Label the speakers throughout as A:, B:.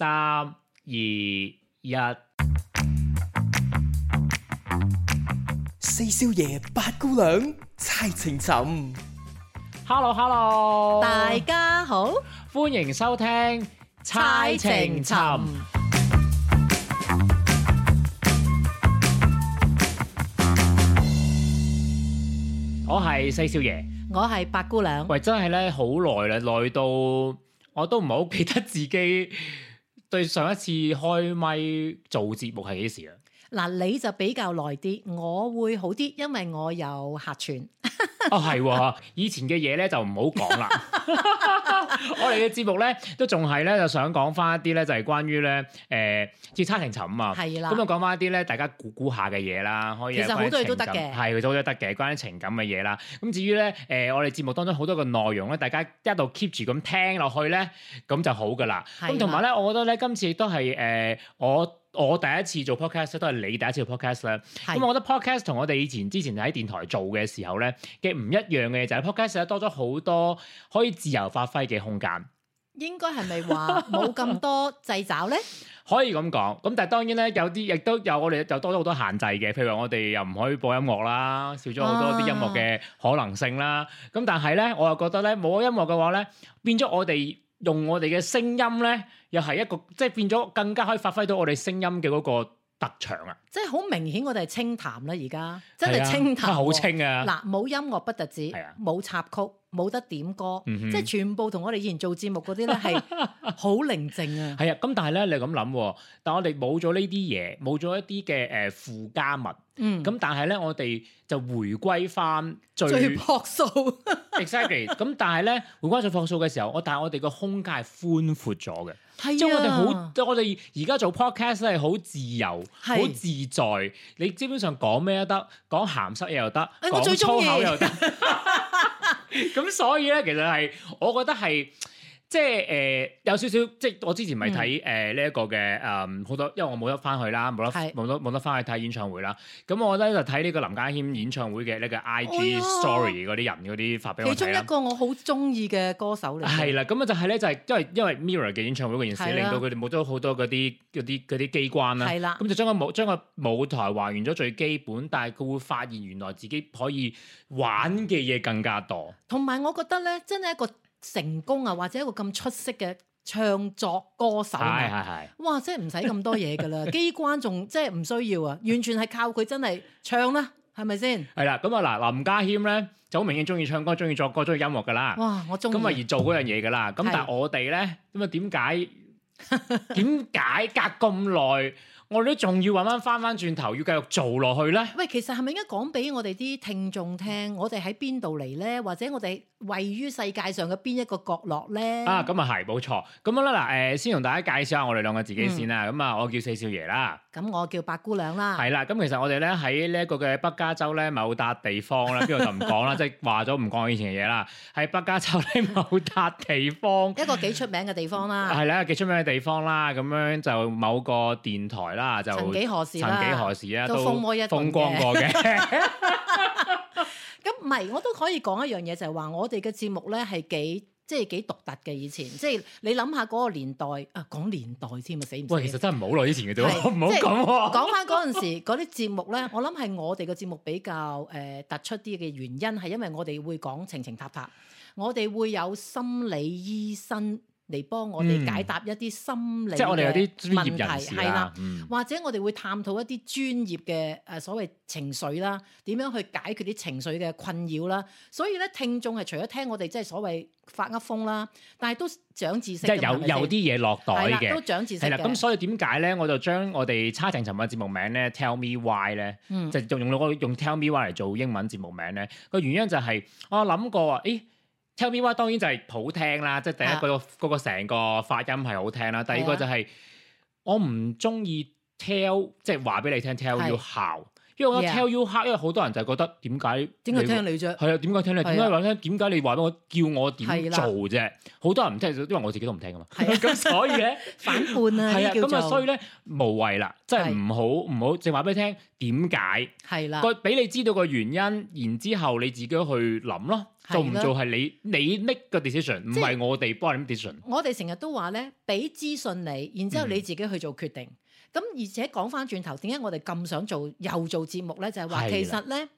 A: 三二一，四少爺八姑娘猜情尋，Hello Hello，大家好，歡迎收聽猜情尋。我係四少爺，我係八姑娘。喂，真係咧，好耐啦，耐到我都唔係好記得自己。對上一次開咪做節目係幾時啊？
B: 嗱，你就比較耐啲，我會好啲，因為我有客串。
A: 哦，係喎，以前嘅嘢咧就唔好講啦。 我哋嘅節目咧都仲係咧，想就想講翻一啲咧，就係關於咧誒節差停沉啊。係啦的。咁就講翻一啲咧，大家估估下嘅嘢啦。可以。其實好多嘢都得嘅。係，好多嘢都得嘅，關於情感嘅嘢啦。咁至於咧誒、呃，我哋節目當中好多個內容咧，大家一路 keep 住咁聽落去咧，咁就好噶啦。咁同埋咧，我覺得咧，今次都係誒、呃、我。我第一次做 podcast 都係你第一次做 podcast 咧。咁是我覺得 podcast 同我哋以前之前喺電台做嘅時候咧嘅唔一樣嘅就係、是、podcast 咧多咗好多可以自由發揮嘅空間。
B: 應該係咪話冇咁多掣肘咧？
A: 可以咁講。咁但係當然咧，有啲亦都有我哋又多咗好多限制嘅。譬如話我哋又唔可以播音樂啦，少咗好多啲音樂嘅可能性啦。咁、啊、但係咧，我又覺得咧冇音樂嘅話咧，變咗我哋。用我哋嘅聲音咧，又係一個即係變咗更加可以發揮到我哋聲音嘅個特長啊！
B: 即係好明顯我哋係清談啦、啊，而家真係清談，好清啊！嗱，冇音樂不特止，冇、啊、插曲。冇得點歌，嗯、哼即係全部同我哋以前做節目嗰啲咧，係
A: 好寧靜啊。係啊，咁但係咧，你咁諗，但係我哋冇咗呢啲嘢，冇咗一啲嘅誒附加物。嗯，咁但係咧，我哋就回歸翻最樸薄素 ，exactly。咁但係咧，回歸最樸素嘅時候，我但係我哋個空間係寬闊咗嘅，即係、啊、我哋好，我哋而家做 podcast 咧，係好自由，好是自在。你基本上講咩都得，講鹹濕嘢又得，講唉粗口又得。 咁 所以咧，其實係，我覺得係。即係誒、呃、有少少，即係我之前咪睇誒呢一個嘅誒好多，因為我冇得翻去啦，冇得冇是得冇得翻去睇演唱會啦。咁、嗯、我覺得就睇呢個林家謙演唱會嘅呢個 I G、oh, Story 嗰啲人嗰啲發俾我睇啦。其中一
B: 個我好中意嘅歌手嚟。係
A: 啦，咁啊就係、是、咧，就係、是、因為因為 Mirror 嘅演唱會嗰件事，令到佢哋冇咗好多嗰啲啲啲機關啦。係啦的，咁、嗯、就將個舞將個舞台還原咗最基本，但係佢會發現原來自己可以玩嘅嘢更加多。
B: 同埋我覺得咧，真係一個。成功啊，或者一個咁出色嘅唱作歌手、啊，係係係，哇！即係唔使咁多嘢噶啦，機 關仲即係唔需要啊，完全係靠佢真係唱啦，係咪先？
A: 係啦，咁啊嗱，林家謙咧就好明顯中意唱歌、中意作歌、中意音樂噶啦，哇！我中咁啊而做嗰樣嘢噶啦，咁 但係我哋咧咁啊點解點解隔咁耐我哋都仲要揾翻翻翻轉頭要繼續做落去咧？
B: 喂，其實係咪應該講俾我哋啲聽眾聽，我哋喺邊度嚟咧？或者我哋。位於世界上嘅邊一個角落咧？啊，
A: 咁啊係，冇錯。咁啦，嗱，誒，先同大家介紹下我哋兩個自己先啦。咁啊、嗯，我叫四少爺啦。
B: 咁我叫八姑娘啦。係啦，
A: 咁其實我哋咧喺呢一個嘅北加州咧某笪地方啦，邊度 就唔講啦，即係話咗唔講以前嘅嘢啦。喺北加州咧某笪地
B: 方， 一個幾出名嘅地方啦。係
A: 啦， 幾出名嘅地方啦。咁樣就某個電台啦，就曾幾何時啦、啊，都、啊、風光過嘅。
B: 咁唔係，我都可以講一樣嘢，就係話我哋嘅節目咧係幾即係幾獨特嘅。以前即係你諗下嗰個年代啊，講年
A: 代添啊，死唔死？喂，其實真係唔好耐以前嘅啫，唔好講喎。
B: 講翻嗰陣時嗰啲節目咧，我諗係我哋嘅節目比較誒突出啲嘅原因，係因為我哋會講情情塔塔，我哋會有心理醫生。嚟幫我哋解答一啲心理問題，嗯，即係我哋有啲專業人士啦，的嗯、或者我哋會探討一啲專業嘅誒所謂情緒啦，點樣去解決啲情緒嘅困擾啦。所以咧，聽眾係除咗聽我哋即係所謂發噏風啦，但係都長知識，即係有吧有啲嘢
A: 落袋嘅，都長知識。係啦，咁所以點解咧？我就將我哋差唔多尋晚節目名咧，Tell Me Why 咧，嗯，就用用到個用 Tell Me Why 嚟做英文節目名咧。個原因就係，是，我諗過話，誒。tell me why 當然就係好聽啦，即係第一個嗰個成個發音係好聽啦。第二個就係我唔中意 tell，即係話俾你聽 tell you how。因為我覺得 tell you how，因為好多人就覺得點解點解聽你啫係啊？點解聽你？點解話聽？點解你話俾我叫我點做啫？好多人唔聽，因為我自己都唔聽噶嘛。係咁，所以咧反叛啊，係啊，咁啊，所以咧無謂啦，即係唔好唔好，淨話俾你聽點解係啦？個俾你知道個原因，然之後你自己去諗咯。做唔做係你你 make 個 decision，唔係我哋幫你 decision。
B: 我哋成日都話咧，俾資訊你，然之後你自己去做決定。咁、嗯、而且講翻轉頭，點解我哋咁想做又做節目咧？就係、是、話其實咧，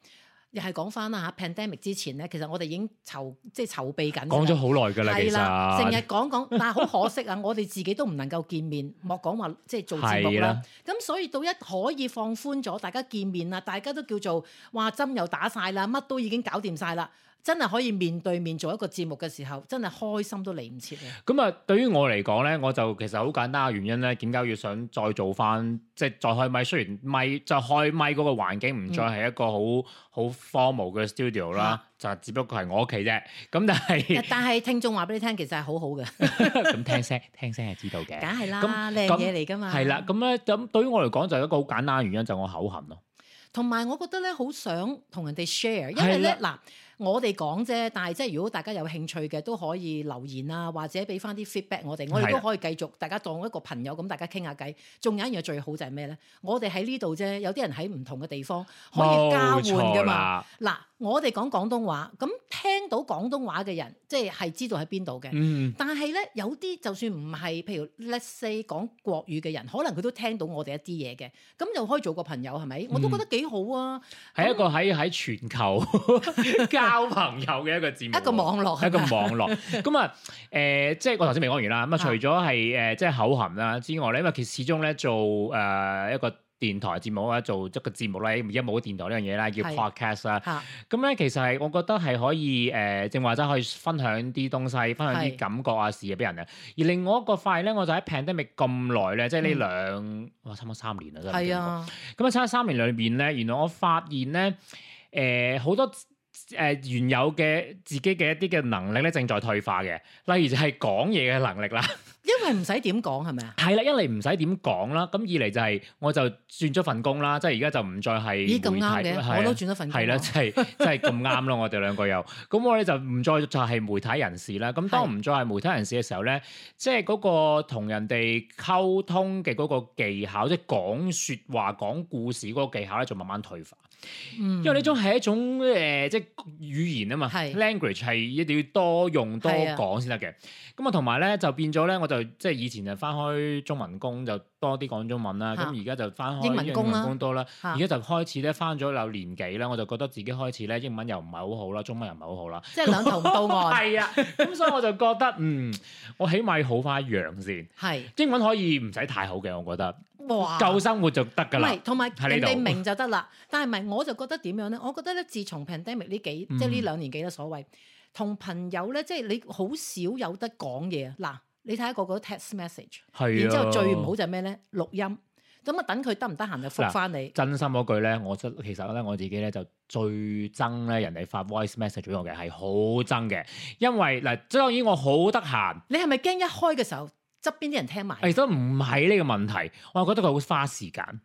B: 又係講翻啦吓。Pandemic、啊、之前咧，其實我哋已經籌即係籌備緊，講咗好耐噶啦，係啦，成日講講，但係好可惜啊！ 我哋自己都唔能夠見面，莫講話即係做節目啦。咁是的 所以到一可以放寬咗，大家見面啦，大家都叫做話針又打晒啦，乜都已經搞掂晒啦。真係可以面對面做一個節目嘅時候，真係開心都嚟唔切
A: 咁啊，對於我嚟講咧，我就其實好簡單嘅原因咧，點解要想再做翻即係再開咪。雖然咪就係開咪嗰個環境唔再係一個好好 formal 嘅 studio 啦，嗯、就只不過係我屋企啫。咁但係，但
B: 係聽眾話俾你聽，其實係好好嘅。
A: 咁 聽聲，聽聲係知道嘅。梗係啦，靚嘢嚟㗎嘛。係啦，咁咧，咁對於我嚟講，就一個好簡單嘅原因，就係、我口痕咯。
B: 同埋我覺得咧，好想同人哋 share，因為咧嗱。我哋講啫，但係即係如果大家有興趣嘅，都可以留言啊，或者俾翻啲 feedback 我哋，的我哋都可以繼續大家當我一個朋友咁，大家傾下偈。仲有一樣最好就係咩咧？我哋喺呢度啫，有啲人喺唔同嘅地方可以交換噶嘛。嗱，我哋講廣東話，咁聽到廣東話嘅人，即係係知道喺邊度嘅。嗯、但係咧，有啲就算唔係，譬如 let's say 講國語嘅人，可能佢都聽到我哋一啲嘢嘅，咁又可以做個朋友係咪？我都覺得幾好啊。
A: 係、嗯、那一個喺喺全球 交朋友嘅一個節目，一個，一個網絡，一個網絡。咁、呃、啊，誒、呃，即係我頭先未講完啦。咁啊，除咗係誒，即係口痕啦之外咧，因為其實始終咧做誒一個電台節目啊，做一個節目咧，而家冇電台呢樣嘢啦，叫 podcast 是啊。咁、嗯、咧，其實係我覺得係可以誒、呃，正話真係可以分享啲東西，分享啲感覺啊，是事啊，俾人啊。而另外一個快咧，我就喺 Pandemic 咁耐咧，即係呢兩哇差唔多三年啦，真係。係啊。咁啊，差三年裏邊咧，原來我發現咧，誒、呃，好多。誒，原有嘅自己嘅一啲嘅能力咧，正在退化嘅。例如就係講嘢嘅能力啦，
B: 因為唔使點講，係咪啊？
A: 係啦，一嚟唔使點講啦，咁二嚟就係我就轉咗份工啦，即係而家就唔再係。咦？咁啱嘅，我都轉咗份工。係啦，即係即係咁啱咯。我哋兩個又，咁我咧就唔再就係媒體人士啦。咁當唔再係媒體人士嘅時候咧，即係嗰個同人哋溝通嘅嗰個技巧，即係講說話、講故事嗰個技巧咧，就慢慢退化。嗯、因為呢種係一種誒、呃，即係語言啊嘛是，language 係一定要多用多講先得嘅。咁是啊呢，同埋咧就變咗咧，我就即係以前就翻開中文工就多啲講中文啦。咁而家就翻開英文工多啦。而家、啊、就開始咧，翻咗有年幾啦，我就覺得自己開始咧英文又唔係好好啦，中文又唔係好好啦。即係兩頭唔到岸。係啊，咁所以我就覺得，嗯，我起碼要好翻一樣先。係是英文可以唔使太好嘅，我覺得。舊哇生活就得㗎啦，唔係，同埋你哋明就
B: 得啦。這 但係唔係我就覺得點樣咧？我覺得咧，自從 pandemic 呢幾、嗯、即係呢兩年幾嘅所謂同朋友咧，即、就、係、是、你好少有得講嘢啊！嗱，你睇下個個 text message，係的然之後最唔好就係咩咧？錄音咁啊，等佢得唔得閒就覆返你。
A: 真心嗰句咧，我真其實咧我自己咧就最憎咧人哋發 voice message 俾我嘅，係好憎嘅，因為嗱，當然我好得閒。你
B: 係咪驚一開嘅時候。側邊啲人聽埋，其
A: 實唔係呢個問題，我覺得佢好花時間。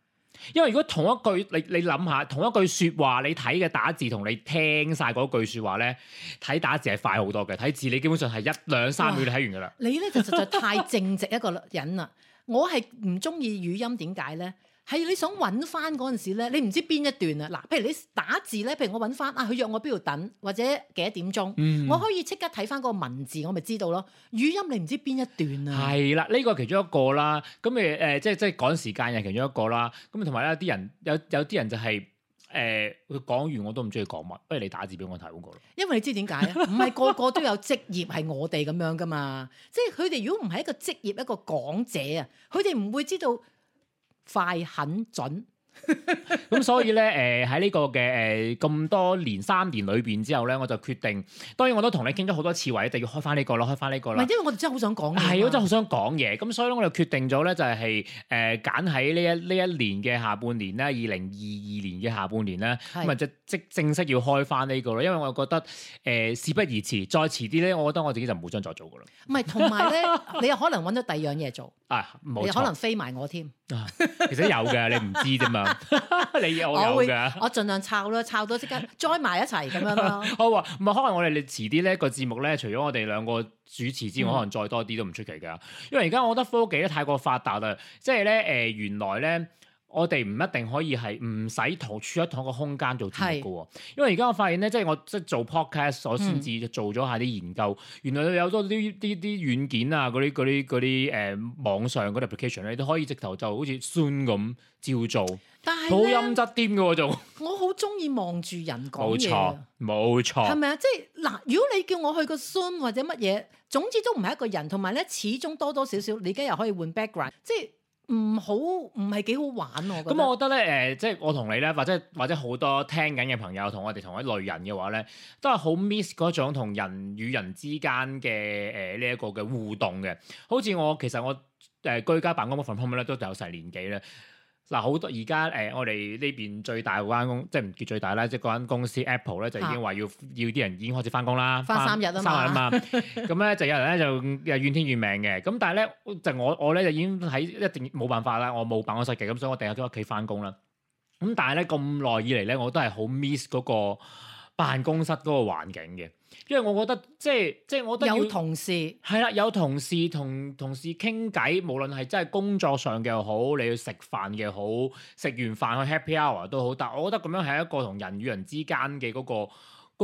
A: 因為如果同一句你，你諗下同一句説話，你睇嘅打字同你聽晒嗰句説話咧，睇打字係快好多嘅。睇字你基本上係一兩三秒你睇完㗎啦。
B: 你咧就實在太正直一個人啦。 我係唔中意語音，點解咧？係你想揾翻嗰陣時咧，你唔知邊一段啊？嗱，譬如你打字咧，譬如我揾翻啊，佢約我邊度等或者幾多點鐘，嗯、我可以即刻睇翻嗰個文字，我咪知道咯。語音你唔知邊一段啊？係
A: 啦，呢、呢個其中一個啦。咁誒誒，即係即係趕時間又其中一個啦。咁同埋咧啲人有有啲人就係、係、誒，佢、呃、講完我都唔中意講乜，不如你打字俾我睇好過啦。
B: 因為你知點解啊？唔係個個都有職業係我哋咁樣噶嘛，即係佢哋如果唔係一個職業一個講者啊，佢哋唔會知道。快、狠準。
A: 咁 所以咧，誒喺呢個嘅誒咁多年三年裏邊之後咧，我就決定，當然我都同你傾咗好多次，話一定要開翻呢個啦，開翻呢個啦。唔係，因
B: 為我哋真係好想講，係啊，我
A: 真係好想講嘢。咁 所以我就決定咗咧，就係，就係誒揀喺呢一呢一年嘅下半年啦，二零二二年嘅下半年咧，咁啊是就即正式要開翻呢個啦。因為我又覺得誒、呃、事不宜遲，再遲啲咧，我覺得我自己就唔冇張再做噶啦。
B: 唔係，同埋咧， 你又可能揾到第二樣嘢做
A: 啊，冇可能飛
B: 埋我添。
A: 其實有嘅，你唔知啫嘛。 你我有會嘅， 我
B: 盡量抄啦，抄到即刻栽埋一齊咁樣咯。
A: 好，唔係，可能我哋你遲啲咧個節目咧，除咗我哋兩個主持之外，可能再多啲都唔出奇噶。嗯、因為而家我覺得科技咧太過發達啦，即係咧誒，原來咧。我哋唔一定可以係唔使壘出一堂個空間做嘢嘅喎，是因為而家我發現咧，即、就、係、是、我即係做 podcast，我先至做咗下啲研究，嗯、原來有多啲啲啲軟件啊，嗰啲嗰啲啲誒網上嗰啲 application 咧都可以直頭就好似 Zoom 咁照做，但係好音質啲嘅喎仲。 我
B: 好中意望住人講，冇錯，
A: 冇錯，係咪
B: 啊？即係嗱，如果你叫我去個 Zoom 或者乜嘢，總之都唔係一個人，同埋咧始終多多少少，你而家又可以換 background，即係。就是唔好，唔係幾好玩，我覺得。咁我覺
A: 得咧，誒、呃，即係我同你咧，或者或者好多聽緊嘅朋友，同我哋同一類人嘅話咧，都係好 miss 嗰種同人與人之間嘅誒呢一個嘅互動嘅。好似我其實我誒、呃、居家辦公嗰份 form 咧，都有成年幾啦。嗱，好多而家誒，我哋呢邊最大嗰間公，即係唔叫最大啦，即係嗰間公司 Apple 咧，就已經話要、啊、要啲人已經開始返工啦，返三日啊嘛，咁咧 就有人咧就怨天怨命嘅，咁但係咧就我我咧就已經喺一定冇辦法啦，我冇辦公室嘅，咁所以我第一日喺屋企返工啦，咁但係咧咁耐以嚟咧，我都係好 miss 嗰、那個。辦公室嗰個環境嘅，因為我覺得即係即係，我有同事係啦，有同事同同事傾偈，無論係真係工作上嘅好，你食飯嘅好，食完飯去 happy hour 都好。但我覺得咁樣係一個同人與人之間嘅嗰個、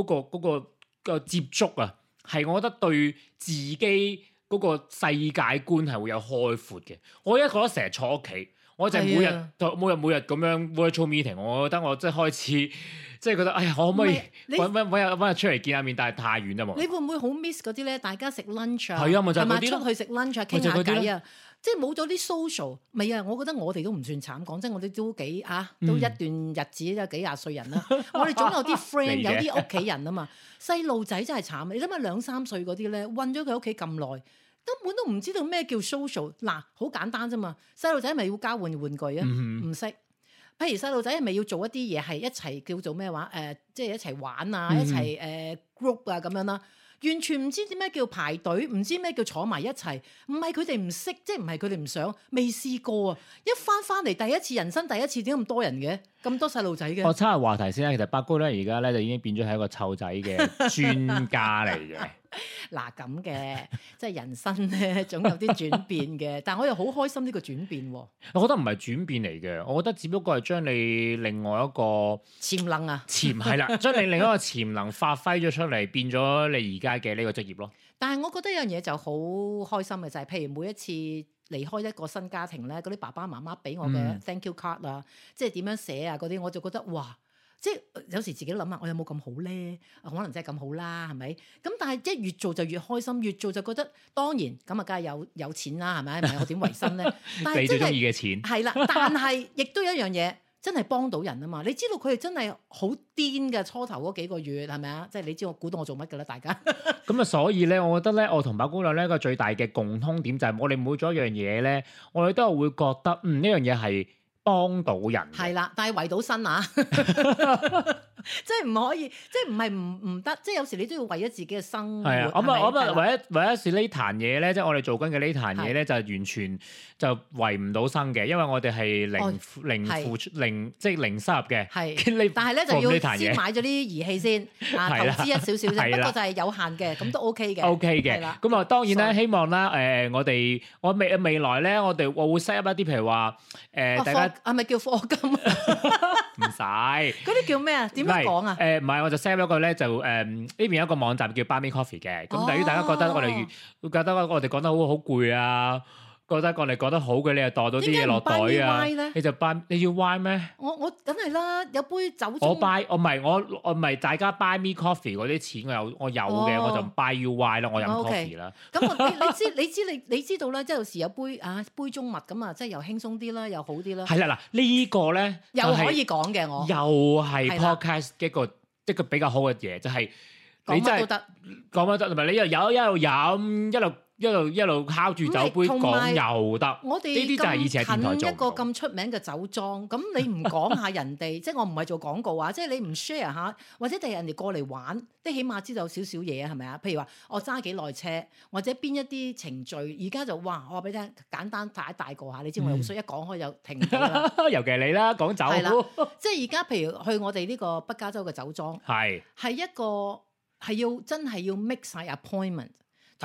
A: 嗰個、嗰個接觸啊，係我覺得對自己嗰個世界觀係會有開闊嘅。我依家覺得成日坐屋企。我就每，是的 每日、每日、每日咁樣 virtual meeting，我覺得我即係開始，即係覺得，哎呀，可唔可以揾日你出嚟見下面？但係太遠啦，嘛，你
B: 會唔會好 miss 嗰啲咧？大家食 lunch 係係啊，咪就係、是、出去食 lunch 傾下偈啊，即係冇咗啲 social。咪啊，我覺得我哋都唔算慘。講真，我哋都幾嚇、啊，都一段日子都幾廿歲人啦、啊。 我哋總有啲 friend， 有啲屋企人啊嘛。細路仔真係慘，你諗下兩三歲嗰啲咧，韞咗佢屋企咁耐。根本都唔知道咩叫 social，嗱好簡單啫嘛，細路仔係咪要交換玩具啊，唔識、嗯嗯。譬如細路仔係咪要做一啲嘢係一齊叫做咩話？誒、呃，即、就、係、是、一齊玩啊，一齊誒、呃、group 啊咁樣啦，完全唔知咩叫排隊，唔知咩叫坐埋一齊。唔係佢哋唔識，即係唔係佢哋唔想，未試過啊！一返返嚟第一次人生，第一次點解咁多人嘅？咁多細路仔嘅？我差下話
A: 題先啦，其實八姑咧而家咧就已經變咗係一個湊仔嘅專家嚟嘅。
B: 嗱咁嘅，即係人生咧，總有啲轉變嘅。但係我又好開心呢個轉變、啊。我
A: 覺得唔係轉變嚟嘅，我覺得只不過係將你另外一個潛能啊潛係啦，將你另外一個潛能發揮咗出嚟，變咗你而家嘅呢個職業咯。
B: 但係我覺得有樣嘢就好開心嘅就係、是，譬如每一次離開一個新家庭咧，嗰啲爸爸媽媽俾我嘅 thank you card 啊、嗯，即係點樣寫啊，嗰啲我就覺得哇！即係有時自己都諗下，我有冇咁好咧？可能真係咁好啦，係咪？咁但係一越做就越開心，越做就覺得當然咁啊，梗係有有錢啦，係咪？係咪？我點維生咧？你最中意嘅錢係啦，但係亦都有一樣嘢 真係幫到人啊嘛！你知道佢哋真係好癲嘅初頭嗰幾個月係咪啊？即係你知我估到我做乜㗎啦，大家。
A: 咁啊，所以咧，我覺得咧，我同八姑娘咧，一個最大嘅共通點就係我哋每做一樣嘢咧，我哋都係會覺得嗯呢樣嘢係。嗯幫到人
B: 係啦，但係圍到身啊！即係唔可以，即係唔係唔唔得，即係有時你都要為咗自己嘅生活啊！咁啊咁啊，為咗
A: 為咗是呢壇嘢咧，即係我哋做緊嘅呢壇嘢咧，就係完全就維唔到生嘅，因為我哋係零零付出零即係零收入嘅。係，但係咧就要先買
B: 咗啲儀器先啊，投資一少少啫，不過就係有限嘅，咁都 OK 嘅，OK 嘅。咁
A: 啊，當然啦，希望啦，誒，我哋我未未來咧，我哋會 set up 一啲，譬如話誒，大家
B: 係咪叫課金？
A: 嗰啲叫咩啊？點樣講啊？誒唔係，我就 send 咗一個咧，就誒呢、呃、邊有一個網站叫 b a r n Coffee 嘅，咁對於大家覺得我哋覺得我哋講得好好攰啊！覺得過嚟覺得好嘅，你又袋到啲嘢落袋啊！你就 buy 你要 y 咩？
B: 我我梗係啦，有杯酒。我 buy
A: 我唔係我我唔係大家 buy me coffee 嗰啲錢，我有我有嘅，我就 buy you y 啦，我飲 coffee 啦。咁你你
B: 知你知你你知道啦，即係有時有杯啊杯中物咁啊，即係又輕鬆啲啦，又好啲啦。係啦嗱，
A: 呢個咧又可以講嘅，我又係 podcast 一個一個比較好嘅嘢，就係你真係講乜都得，講乜都得，同埋你又有一路飲一路。一路一路敲住酒杯講有又得，我哋呢啲就係以前電一個
B: 咁出名嘅酒莊，咁 你唔講下人哋， 即係我唔係做廣告啊！ 即係你唔 share 下，或者第人哋過嚟玩，即起碼知道少少嘢係咪啊？譬如話我揸幾耐車，或者邊一啲程序？而家就哇！我話俾你聽，簡單大一大一個下，你知我好衰， 一講開就停
A: 尤其係你啦，講酒。 係即
B: 係而家譬如去我哋呢個北加州嘅酒莊，係係 一個係要真係要 make 曬 appointment。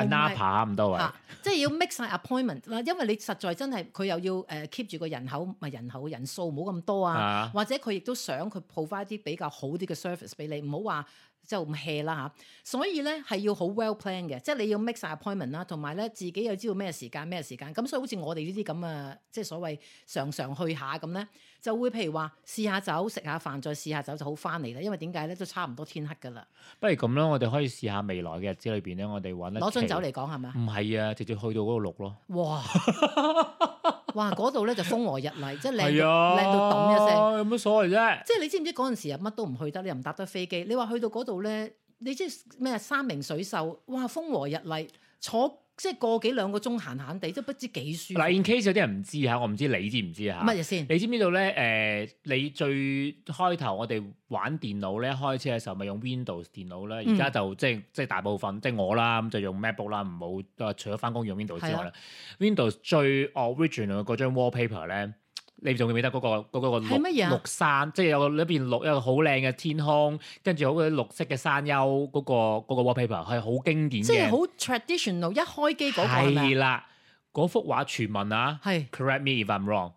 A: NAAP 咁、啊、多
B: 位、啊，即係要 make 曬 appointment 啦， 因為你實在真係佢又要誒 keep 住個人口，咪人口嘅人數唔好咁多啊，啊或者佢亦都想佢鋪翻啲比較好啲嘅 service 俾你，唔好話就咁 hea 啦嚇。所以咧係要好 well plan 嘅，即係你要 make 曬 appointment 啦，同埋咧自己又知道咩時間咩時間。咁所以好似我哋呢啲咁啊，即係所謂常常去下咁咧。就會譬如話，試下酒，食下飯，再試下酒就好翻嚟啦，因為點解咧都差唔多天黑噶啦。
A: 不如咁啦，我哋可以試下未來嘅日子裏邊咧，我哋揾攞樽酒嚟講，係咪？唔係啊，直接去到嗰度錄咯。
B: 哇 哇嗰度咧就風和日麗， 即係靚到靚到凍一聲，
A: 有乜所謂啫？
B: 即係你知唔知嗰陣時啊乜都唔去得，你又唔搭得飛機。你話去到嗰度咧，你知咩？山明水秀，哇，風和日麗，坐。即係個幾兩個鐘閒閒地，都不知幾舒服。嗱，in
A: case 有啲人唔知嚇，我唔知你知唔知嚇？乜嘢先？你知唔知道咧？誒麼、呃，你最開頭我哋玩電腦咧，開車嘅時候咪用 Windows 電腦咧。而家就、嗯、即係即係大部分，即係我啦，咁就用 MacBook 啦，唔好誒，除咗翻工用 Windows 之外咧。啊、Windows 最 original 嗰張 wallpaper 咧。你仲記唔記得嗰個嗰個綠綠山？即係有嗰一邊綠，有一個好靚嘅天空，跟住好嗰啲綠色嘅山丘，嗰個，嗰個 wallpaper 係好經典嘅，即係好
B: traditional。一開機嗰個係啦，
A: 嗰的嗎幅畫傳聞啊，係的 correct me if I'm wrong，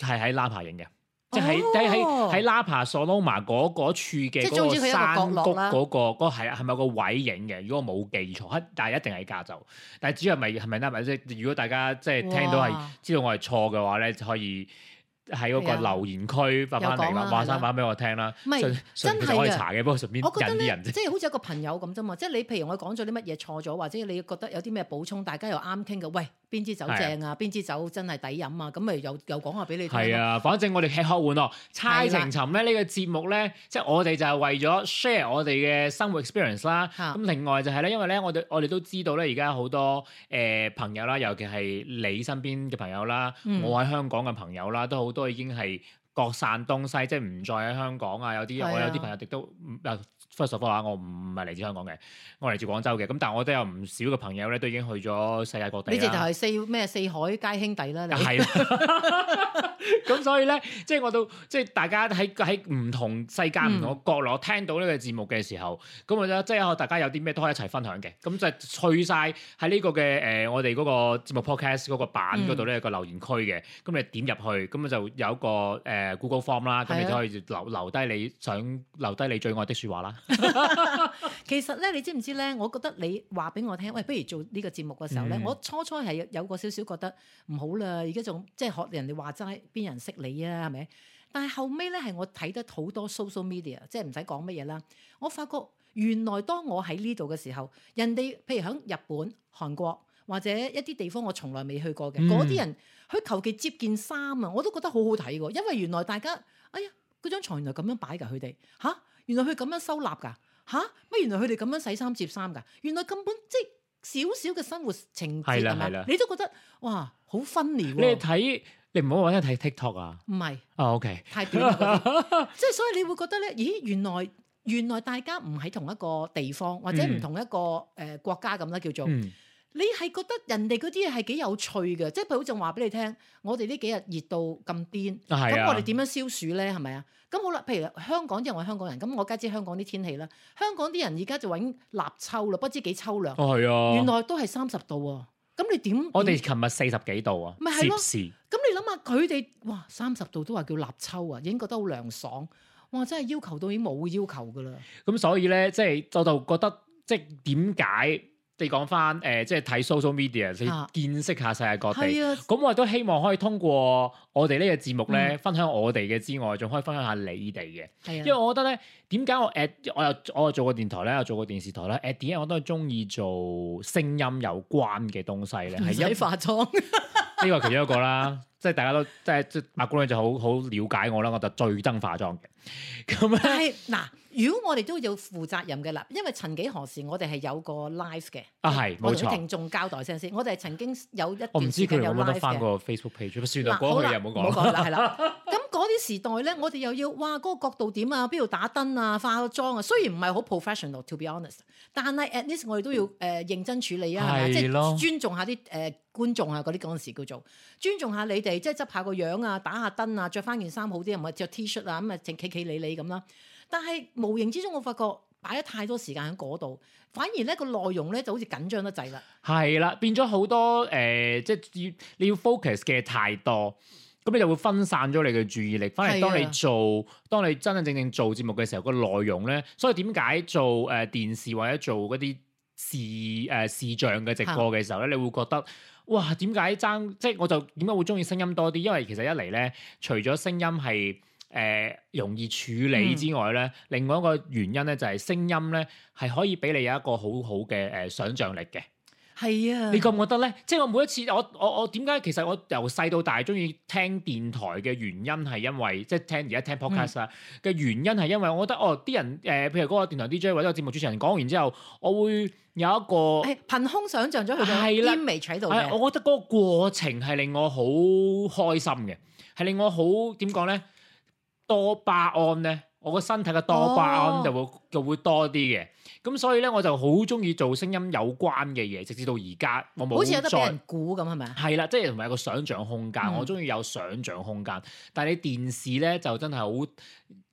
A: 係喺 La 拉帕影嘅。即係喺喺喺拉帕索羅馬嗰嗰處嘅，即係好似喺一個山谷嗰、嗰個，嗰係係咪個位影嘅？如果冇記錯，但係一定係加州。但係主要係咪係咪拉埋？即係如果大家即係聽到係哇知道我係錯嘅話咧，就可以喺嗰個留言區發翻嚟話翻翻俾我聽啦。唔係是真係啊！可以查嘅，不過順便引啲人。 即
B: 係好似一個朋友咁啫嘛。即係你譬如我講咗啲乜嘢錯咗，或者你覺得有啲咩補充，大家又啱傾嘅。喂！邊支酒正啊？邊支、啊、酒真係抵飲啊？咁咪有有講下俾你聽、啊。係啊，
A: 反正我哋吃喝玩樂，猜情尋咧呢的個節目咧，即係我哋就係為咗 share 我哋嘅生活 experience 啦。咁的另外就係咧，因為咧，我哋我哋都知道咧，而家好多誒、呃、朋友啦，尤其係你身邊嘅朋友啦，嗯、我喺香港嘅朋友啦，都好多已經係各散東西，即係唔再喺香港啊。有啲的我有啲朋友亦都。呃呃 first of all 啊，我唔唔係嚟自香港嘅，我嚟自廣州嘅，咁但係我都有唔少嘅朋友咧，都已經去咗世界各地。你哋就係
B: 四咩四海皆兄弟啦，係。
A: 咁 所以咧，即係我都即係大家喺喺唔同世界唔同角落聽到呢個節目嘅時候，咁、嗯、我啊即係大家有啲咩都可以一齊分享嘅。咁就去晒喺呢個嘅誒、呃，我哋嗰個節目 podcast 嗰個版嗰度咧個留言區嘅，咁你點入去，咁啊就有一個誒、呃、Google Form 啦，咁你就可以留留低你想留低你最愛的說話啦。嗯、
B: 其實咧，你知唔知咧？我覺得你話俾我聽，喂、哎，不如做呢個節目嘅時候咧，嗯、我初初係有個少少覺得唔好啦，而家仲即係學人哋話齋。邊人識你啊？係咪？但係後尾咧，係我睇得好多 social media，即係唔使講乜嘢啦。我發覺原來當我喺呢度嘅時候，人哋譬如喺日本、韓國或者一啲地方，我從來未去過嘅，嗰啲、嗯、人佢求其摺件衫啊，我都覺得好好睇嘅。因為原來大家，哎呀，嗰張床原來咁樣擺噶，佢哋吓，原來佢咁樣收納噶吓，乜、啊、原來佢哋咁樣洗衫摺衫噶，原來根本即係少少嘅生活情節係咪？係啦係啦，你都覺得哇，好分裂。你睇。
A: 你唔好搵嘢睇 TikTok 啊！唔係啊，OK，太
B: 短。即 係所以你會覺得咧，咦？原來原來大家唔喺同一個地方，或者唔同一個誒、呃、國家咁啦，叫做、嗯、你係覺得人哋嗰啲嘢係幾有趣嘅。即係佢仲話俾你聽，我哋呢幾日熱到咁癲，咁、啊、我哋點樣消暑咧？係咪啊？咁好啦，譬如香港，因為我係香港人，咁我梗知香港啲天氣啦。香港啲人而家就搵立秋啦，不知幾秋涼。係、哦、啊，原來都係三十度喎。咁你點？我哋
A: 琴日四十幾度啊，攝氏。
B: 咁次你諗下佢哋，哇，三十度都話叫立秋啊，已經覺得好涼爽。哇！真係要求到已經冇要求噶啦。
A: 咁所以咧，即係我就覺得，即係點解？你講翻誒、呃，即係睇 social media，你見識下世界各地。咁、啊啊、我亦都希望可以通過我哋呢個節目咧，分享我哋嘅之外，仲可以分享下你哋嘅。啊、因為我覺得咧，點解我誒、呃，我又我又做過電台咧，又做過電視台咧，誒點解我都係中意做聲音有關嘅東西咧？係唔使化妝，呢個係其中一個啦。即係 大家都即係、即係、阿姑娘就好好了解我啦，我就最憎化妝嘅。咁咧
B: 嗱。如果我哋都要負責任嘅啦，因為曾幾何時我哋係有個 life 嘅。啊，係冇錯。我同聽眾交代聲先。我哋係曾經有一段時間有 life 嘅。我唔知佢有
A: 冇翻個 Facebook page。唔算啦，嗰個嘢唔好講了啦。係啦，
B: 咁嗰啲時代咧，我哋又要哇嗰、那個角度點啊？邊度打燈啊？化個妝啊？雖然唔係好 professional，to be honest，但係 at least 我哋都要誒、呃、認真處理啊，即係、嗯、吧尊重下啲誒、呃、觀眾啊，嗰啲嗰陣時叫做尊重下你哋，即係執下個樣啊，打下燈啊，着翻件衫好啲，唔係着 T-shirt 啊，咁啊整企企理理咁啦。但係無形之中，我發覺擺咗太多時間喺嗰度，反而咧個內容咧就好似緊張得滯啦。
A: 係啦，變咗好多誒，即、呃、係、要、你要 focus 嘅太多，咁你就會分散咗你嘅注意力。反而當你做，是的 當你真真正正做節目嘅時候，個內容咧，所以點解做誒、呃、電視或者做嗰啲視誒、呃、視像嘅直播嘅時候咧，是的 你會覺得哇，點解爭即係我就點解會中意聲音多啲？因為其實一嚟咧，除咗聲音係。誒、呃、容易處理之外咧，嗯、另外一個原因咧就係、是、聲音咧係可以俾你有一個好好嘅誒想像力嘅。
B: 係啊，你
A: 覺唔覺得咧？即係我每一次，我我我點解其實我由細到大中意聽電台嘅原因係因為，即、就、係、是、聽而家聽 podcast 啊嘅、嗯、原因係因為，我覺得哦啲人誒、呃，譬如嗰個電台 DJ 或者個節目主持人講完之後，我會有一個、欸、
B: 憑空想像咗佢嘅 image 喺度嘅。我
A: 覺得嗰個過程係令我好開心嘅，係令我好點講咧？多巴胺咧，我個身體嘅多巴胺就會、哦、就會就會多啲嘅，咁所以咧我就好中意做聲音有關嘅嘢，直至到而家我冇。好似有得俾人
B: 估咁係咪啊？
A: 係啦，即係同埋有一個想像空間，我中意有想像空間。嗯、但係你電視咧就真係好。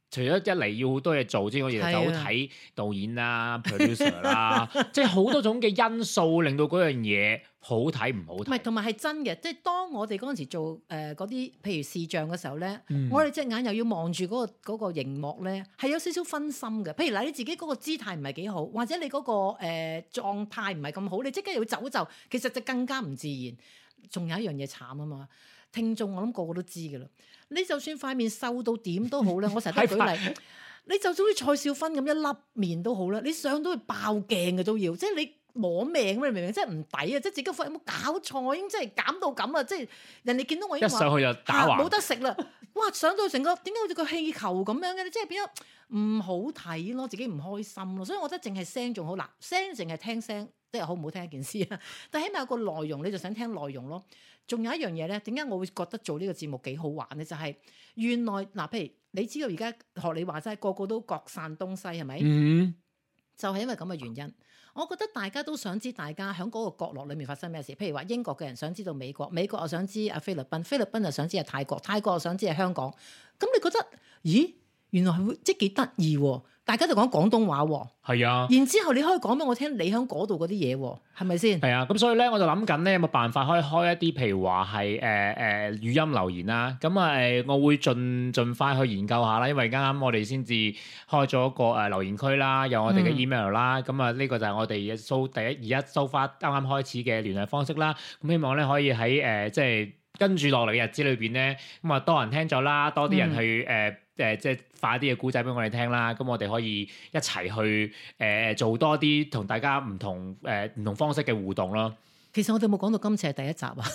A: 除咗一嚟要好多嘢做，之外，是啊、就好睇導演啦、啊、producer 啦、啊， 即係好多種嘅因素令到嗰樣嘢好睇唔好睇。唔
B: 係，同埋係真嘅，即係當我哋嗰陣時做誒嗰啲，譬如視像嘅時候咧，嗯、我哋隻眼又要望住嗰個嗰、嗰個熒幕咧，係有少少分心嘅。譬如嗱，你自己嗰個姿態唔係幾好，或者你嗰、嗰個誒狀態唔係咁好，你即刻要走就，其實就更加唔自然。仲有一樣嘢慘啊嘛，聽眾我諗個個都知噶啦。你就算塊面瘦到點都好啦， 我成日都舉例， 你就好似蔡少芬咁一粒面都好啦，你上到去爆鏡嘅都要，即係你。攞命咩？明明即係唔抵啊！即係自己有冇搞錯？我已經真係減到咁啊！即係人哋見到我已經一上去又打橫，冇得食啦！ 哇！上到成個點解好似個氣球咁樣嘅咧？即係變咗唔好睇咯，自己唔開心咯。所以我覺得淨係聲仲好嗱，聲淨係聽聲，即係好唔好聽一件事啊。但係起碼有個內容你就想聽內容咯。仲有一樣嘢咧，點解我會覺得做呢個節目幾好玩咧？就係、是、原來嗱，譬如你知道而家學你話齋，個個都各散東西係咪？嗯、就係因為咁嘅原因。我覺得大家都想知，大家喺嗰個角落裏面發生咩事？譬如話英國嘅人想知道美國，美國又想知阿菲律賓，菲律賓又想知係泰國，泰國又想知係香港。咁你覺得，咦？原來係會即係幾得意，大家就講廣東話。係啊，然之後你可以講俾我聽，你喺嗰度嗰啲嘢，
A: 係咪先？係啊，咁所以咧，我就諗緊咧有冇辦法可以開一啲，譬如話係誒誒語音留言啦。咁啊、呃，我會盡盡快去研究下啦。因為啱啱我哋先至開咗個誒、呃、留言區啦，有我哋嘅 email 啦。咁啊、嗯，呢個就係我哋收第一而家收翻啱啱開始嘅聯繫方式啦。咁、嗯、希望咧可以喺誒、呃、即係跟住落嚟嘅日子裏邊咧，咁啊多人聽咗啦，多啲人去誒誒即係。快啲嘅故仔俾我哋聽啦，咁我哋可以一齊去誒做多啲同大家唔同誒唔同方式嘅互動咯。其實我哋冇講到今次係第一集啊？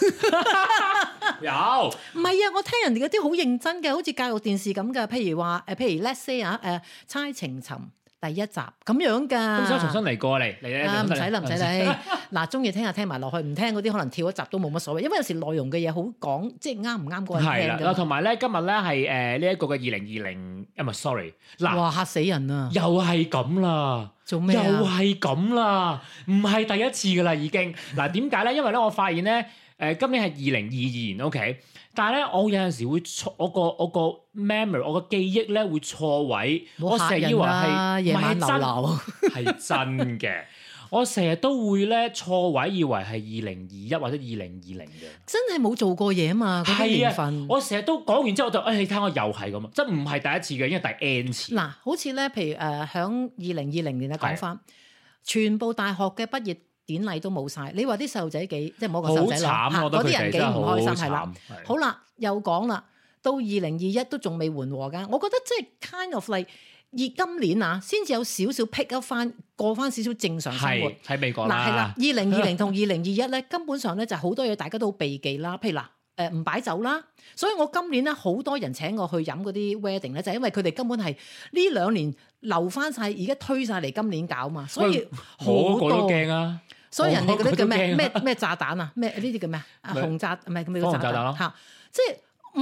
A: 有，
B: 唔係啊，我聽人哋有啲好認真嘅，好似教育電視咁嘅。譬如話誒，譬如 Let’s say 啊、uh,，誒猜情尋。第一集咁樣㗎，咁想重新
A: 嚟過嚟，啱唔使啦，唔使啦。
B: 嗱，中意聽就聽埋落去，唔聽嗰啲可能跳一集都冇乜所謂，因為有時內容嘅嘢好講，即係啱唔啱
A: 個人聽。係、呃這個嗯、啦，同埋咧，今日咧係誒呢一個嘅二零二零，唔係，sorry。哇！嚇死人啦，啊、又係咁啦，做咩啊？又係咁啦，唔係第一次㗎啦，已經。嗱，點解咧？因為咧，我發現咧。誒，今年係二零二二年，OK，但係咧，我有陣時會錯，我個我個 memory，我個記憶咧會錯位，啊、我成日以為係夜晚流流，係真嘅， 我成日都會咧錯位，以為係二零二一或者二零二零嘅，
B: 真係冇做過嘢啊嘛，嗰啲年份，
A: 啊、我成日都講完之後，我就誒、哎，你睇我又係咁啊，真唔係第一次嘅，因為第 n 次，嗱、啊，
B: 好似咧，譬如誒，響二零二零年咧講翻，啊、全部大學嘅畢業。典禮都冇晒，你話啲細路仔幾，即係摸個細路仔腦，嗰啲慘、啊、人幾唔開心係啦。好啦，又講啦，到二零二一都仲未緩和噶。我覺得即係 kind of like 以今年啊，先至有少少 pick up 翻過翻少少正常生活喺美國嗱係啦。二零二零同二零二一咧，啊、呢 根本上咧就好多嘢大家都避忌啦。譬如嗱，誒唔擺酒啦，所以我今年咧好多人請我去飲嗰啲 wedding 咧，就因為佢哋根本係呢兩年留翻晒，而家推晒嚟今年搞嘛，所以好多鏡
A: 啊。所以人哋嗰啲叫咩咩
B: 咩炸彈啊，咩呢啲叫咩啊，紅炸，唔係叫炸彈嚇即係。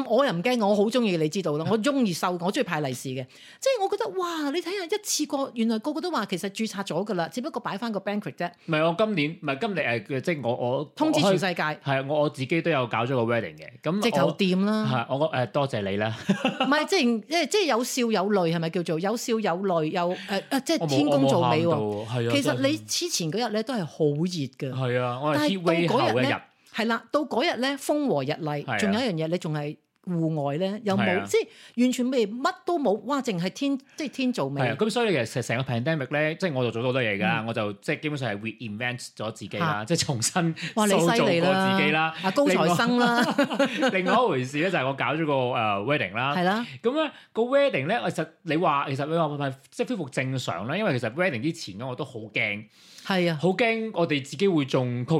B: 我又唔驚，我好中意你知道咯，的我中意收，我中意派利是嘅，即係我覺得哇，你睇下一次過，原來個個都話其實註冊咗噶啦，只不過擺翻個 banquet 啫。
A: 唔係我今年，唔係今年誒，即係我我通知全世界係我我自己都有搞咗個 wedding 嘅，咁直頭掂啦。係我誒、呃、多謝你啦。
B: 唔 係即係即係有笑有淚係咪叫做有笑有淚有誒、呃、即係天公做美喎。係啊，其實你之前嗰日咧都係好熱
A: 嘅。係啊，我係 heat wave 後一日。
B: 係啦，到嗰日咧風和日麗，仲有一樣嘢，你仲係戶外咧，有冇即係完全未乜都冇，哇！淨係天即係天造美。
A: 咁所以其實成成個 pandemic 咧，即係我就做咗好多嘢噶，我就即係基本上係 reinvent 咗自己啦，即係重新創造過哇！你犀利自己啦！啊，高材生啦！另外一回事咧，就係我搞咗個誒 wedding 啦。係啦。咁咧個 wedding 咧，其實你話其實你話即係恢復正常啦，因為其實 wedding 之前咧我都好驚，係啊，好驚我哋自己會中 c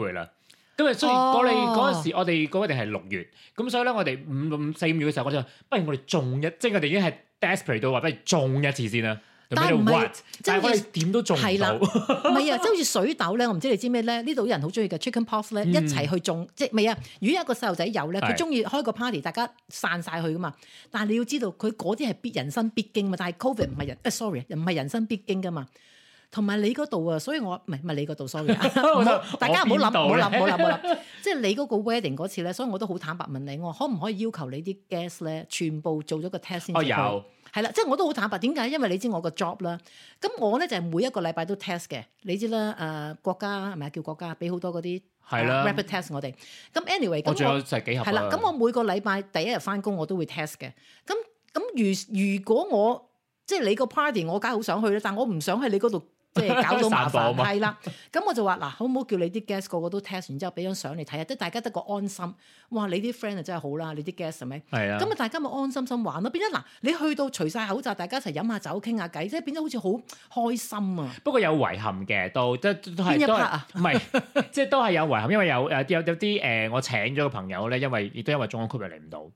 A: 因為雖然我、哦、所以嗰陣時，我哋嗰個定係六月，咁所以咧，我哋五四五月嘅時候，我就不如我哋種一，即係我哋已經係 desperate 到話麼，不如種、就是嗯、一次先啦。但係唔係，即係點都種唔到。係啦，
B: 唔係啊，即係好似水痘咧，我唔知你知咩咧？呢度啲人好中意嘅 chicken pox 咧，一齊去種，即係咪啊？如果一個細路仔有咧，佢中意開個 party，大家散晒去噶嘛。但係你要知道，佢嗰啲係必人生必經嘛。但係 covid 唔係人、啊、sorry，唔係人生必經噶嘛。同埋你嗰度啊，所以我唔係，唔係你嗰度，sorry 啊， 說大家唔好諗，唔好諗，唔好諗，即係 你嗰個 wedding 嗰次咧，所以我都好坦白問你，我可唔可以要求你啲 guest 咧，全部做咗個 test 先？哦、啊、有，係啦，即、就、係、是、我都好坦白，點解？因為你知我個 job 啦，咁我咧就係、是、每一個禮拜都 test 嘅，你知啦，誒、呃、國家係咪叫國家俾好多嗰啲係啦 rapid test 我哋。咁 anyway，我最後就係幾盒啦。係啦，咁我每個禮拜第一日返工我都會 test 嘅。咁咁如如果我即係、就是、你個 party，我梗係好想去啦，但我唔想去你嗰度。即係搞到麻煩，係啦、 嗯。咁我就話嗱，好唔好叫你啲 guest 個個都 test 完之後俾張相嚟睇下，即係大家得個安心。哇！你啲 friend 啊真係好啦，你啲 guest
A: 係咪？係是啊。咁啊，
B: 大家咪安心心玩咯。變咗嗱，你去到除晒口罩，大家一齊飲下酒、傾下偈，即係變咗好似好開心啊！
A: 不過有遺憾嘅都即係都係都唔係？即係、啊、 都係有遺憾，因為有有有啲誒、呃、我請咗個朋友咧，因為亦都因為中安區域嚟唔到，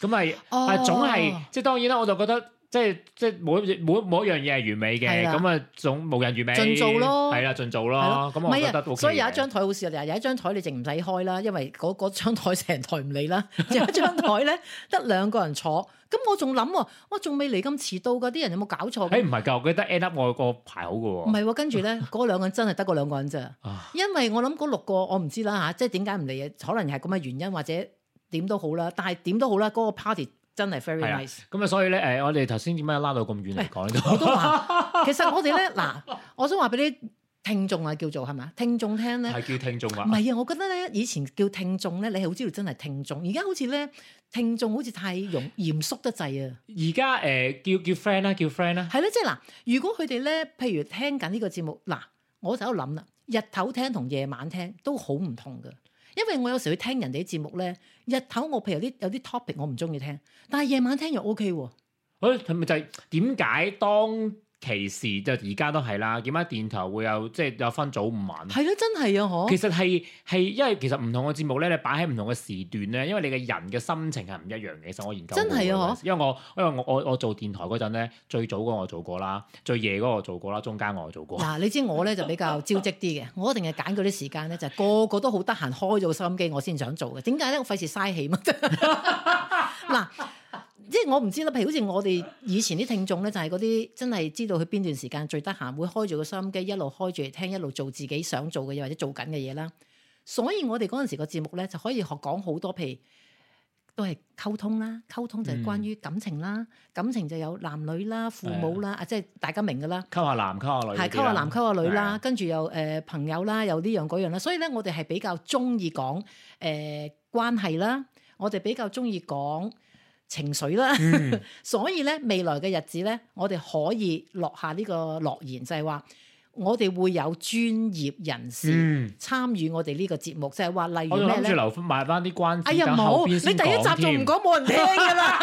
A: 咁咪，啊、就是哦、總係即係當然啦，我就覺得。即係即係冇一冇冇一樣嘢係完美嘅，咁啊的總，無人完美，盡做咯，係啦盡做咯。咁的所以有一張
B: 台好笑，又有一張台你淨唔使開啦，因為嗰張台成台唔理啦。有一張台咧得兩個人坐，咁我仲諗我仲未嚟咁遲到，嗰啲人有冇搞錯？誒唔
A: 係㗎，我記得 end up 我個排好嘅喎。
B: 唔係，跟住咧嗰兩個人真係得嗰兩個人咋， 因為我諗嗰六個我唔知啦吓、啊，即係點解唔嚟啊？可能係咁嘅原因或者點都好啦，但係點都好啦，嗰、嗰個 party。真係 very
A: nice。咁啊，所以咧，誒、呃，我哋頭先點解拉到咁遠嚟講呢？我都
B: 話，其實我哋咧，嗱，我想話俾啲聽眾啊，叫做係咪啊？聽眾聽咧，係
A: 叫聽眾啊？唔
B: 係啊，我覺得咧，以前叫聽眾咧，你係好知道真係聽眾。而家好似咧，聽眾好似太嚴嚴肅得滯啊。
A: 而家誒，叫叫 friend 啦，叫 friend 啦、啊。係咧、啊，即係嗱，
B: 如果佢哋咧，譬如聽緊呢個節目，嗱，我就喺度諗啦，日頭聽同夜晚聽都好唔同嘅，因為我有時會聽人哋啲節目咧。日頭我譬如啲有啲 topic 我唔鍾意聽，但係夜晚聽又 OK 喎。
A: 誒，係咪就係點解當？其實就而家都係啦，點解電台會有即係、就是、有分早午晚？係咯，
B: 真係啊！嗬，其實
A: 係係，因為其實唔同嘅節目咧，你擺喺唔同嘅時段咧，因為你嘅人嘅心情係唔一樣嘅。其實我研究真係啊！嗬，因為我因為我我我做電台嗰陣咧，最早嗰個我做過啦，最夜嗰個我做過啦，中間我做過。嗱，
B: 你知我咧就比較招積啲嘅，我一定係揀嗰啲時間咧，就係個個都好得閒開咗收音機，我先想做嘅。點解咧？我費事嘥氣嘛。嗱。即係我唔知啦，譬如好似我哋以前啲聽眾咧，就係嗰啲真係知道佢邊段時間最得閒，會開住個收音機一路開住嚟聽，一路做自己想做嘅嘢，或者做緊嘅嘢啦。所以我哋嗰陣時個節目咧，就可以學講好多，譬如都係溝通啦，溝通就係關於感情啦，嗯、感情就有男女啦、父母啦，的啊即係大家明噶啦。
A: 溝下男，溝下女，係溝下男，溝下女啦，
B: 的跟住又誒朋友啦，又呢樣嗰樣啦。所以咧，我哋係比較中意講誒關係啦，我哋比較中意講。情緒啦，嗯、 所以咧，未來嘅日子咧，我哋可以落下呢個諾言就，就係話我哋會有專業人士參與我哋呢個節目，嗯、就係話例如咩咧？留
A: 翻賣翻啲關，哎呀唔好，你第一集仲
B: 唔講冇人聽㗎啦，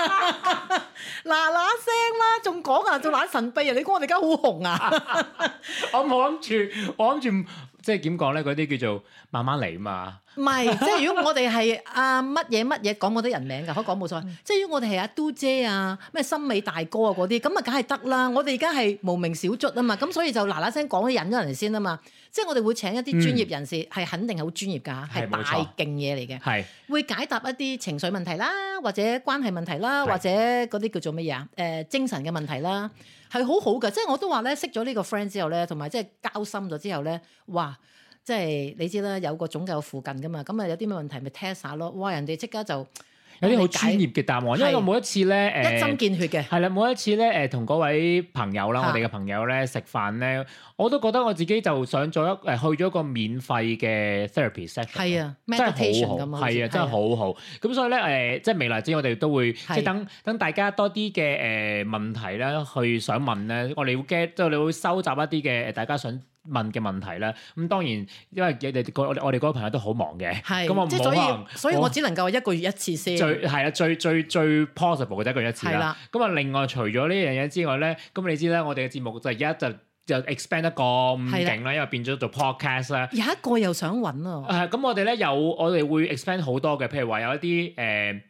B: 嗱嗱聲啦，仲講啊，仲玩神秘啊，你估我哋而家
A: 好紅啊？ 我冇諗住，我諗住唔即係點講咧？嗰啲叫做慢慢嚟啊嘛。
B: 唔係， 即係如果我哋係阿乜嘢乜嘢講我啲人名嘅，可以講冇錯。 即係如果我哋係阿嘟姐啊、咩森美大哥啊嗰啲，咁啊梗係得啦。我哋而家係無名小卒啊嘛，咁所以就嗱嗱聲講起，引咗人先啊嘛。即係我哋會請一啲專業人士，係、嗯、肯定係好專業噶，係大勁嘢，嚟嘅。係會解答一啲情緒問題啦，或者關係問題啦，是或者嗰啲叫做乜嘢啊？誒、呃，精神嘅問題啦，係好好嘅。即係我都話咧，識咗呢個 friend 之後咧，同埋即係交心咗之後咧，哇！即係你知啦，有個宗教附近噶嘛，咁啊有啲咩問題咪 test 下咯。哇！人哋即刻就～
A: 有啲好專業嘅答案，因為我每一次咧誒，的呃、一針見血嘅，係啦，每一次咧誒，同、呃、嗰位朋友啦，啊、我哋嘅朋友咧食飯咧，我都覺得我自己就想做一誒去咗一個免費嘅 therapy session，係啊，真係好好，係啊的，真係好好。咁所以咧誒，即、呃、係、就是、未來之我哋都會即係的等等大家多啲嘅誒問題咧去想問咧，我哋會 get 即係我會收集一啲嘅大家想。問嘅問題咧，咁當然，因為你哋我哋我哋嗰個朋友都好忙嘅，咁的我唔可能，所以，我所以我只
B: 能夠一個月一次先。最
A: 係啦，最最最 possible 嘅就一個月一次啦。咁啊的，另外除咗呢樣嘢之外咧，咁你知咧，我哋嘅節目就而家就就 expand 得咁勁啦，的因為變咗做 podcast 咧。有一
B: 個又想揾啊，誒、
A: 啊，咁我哋咧有，我哋會 expand 好多嘅，譬如話有一啲誒。呃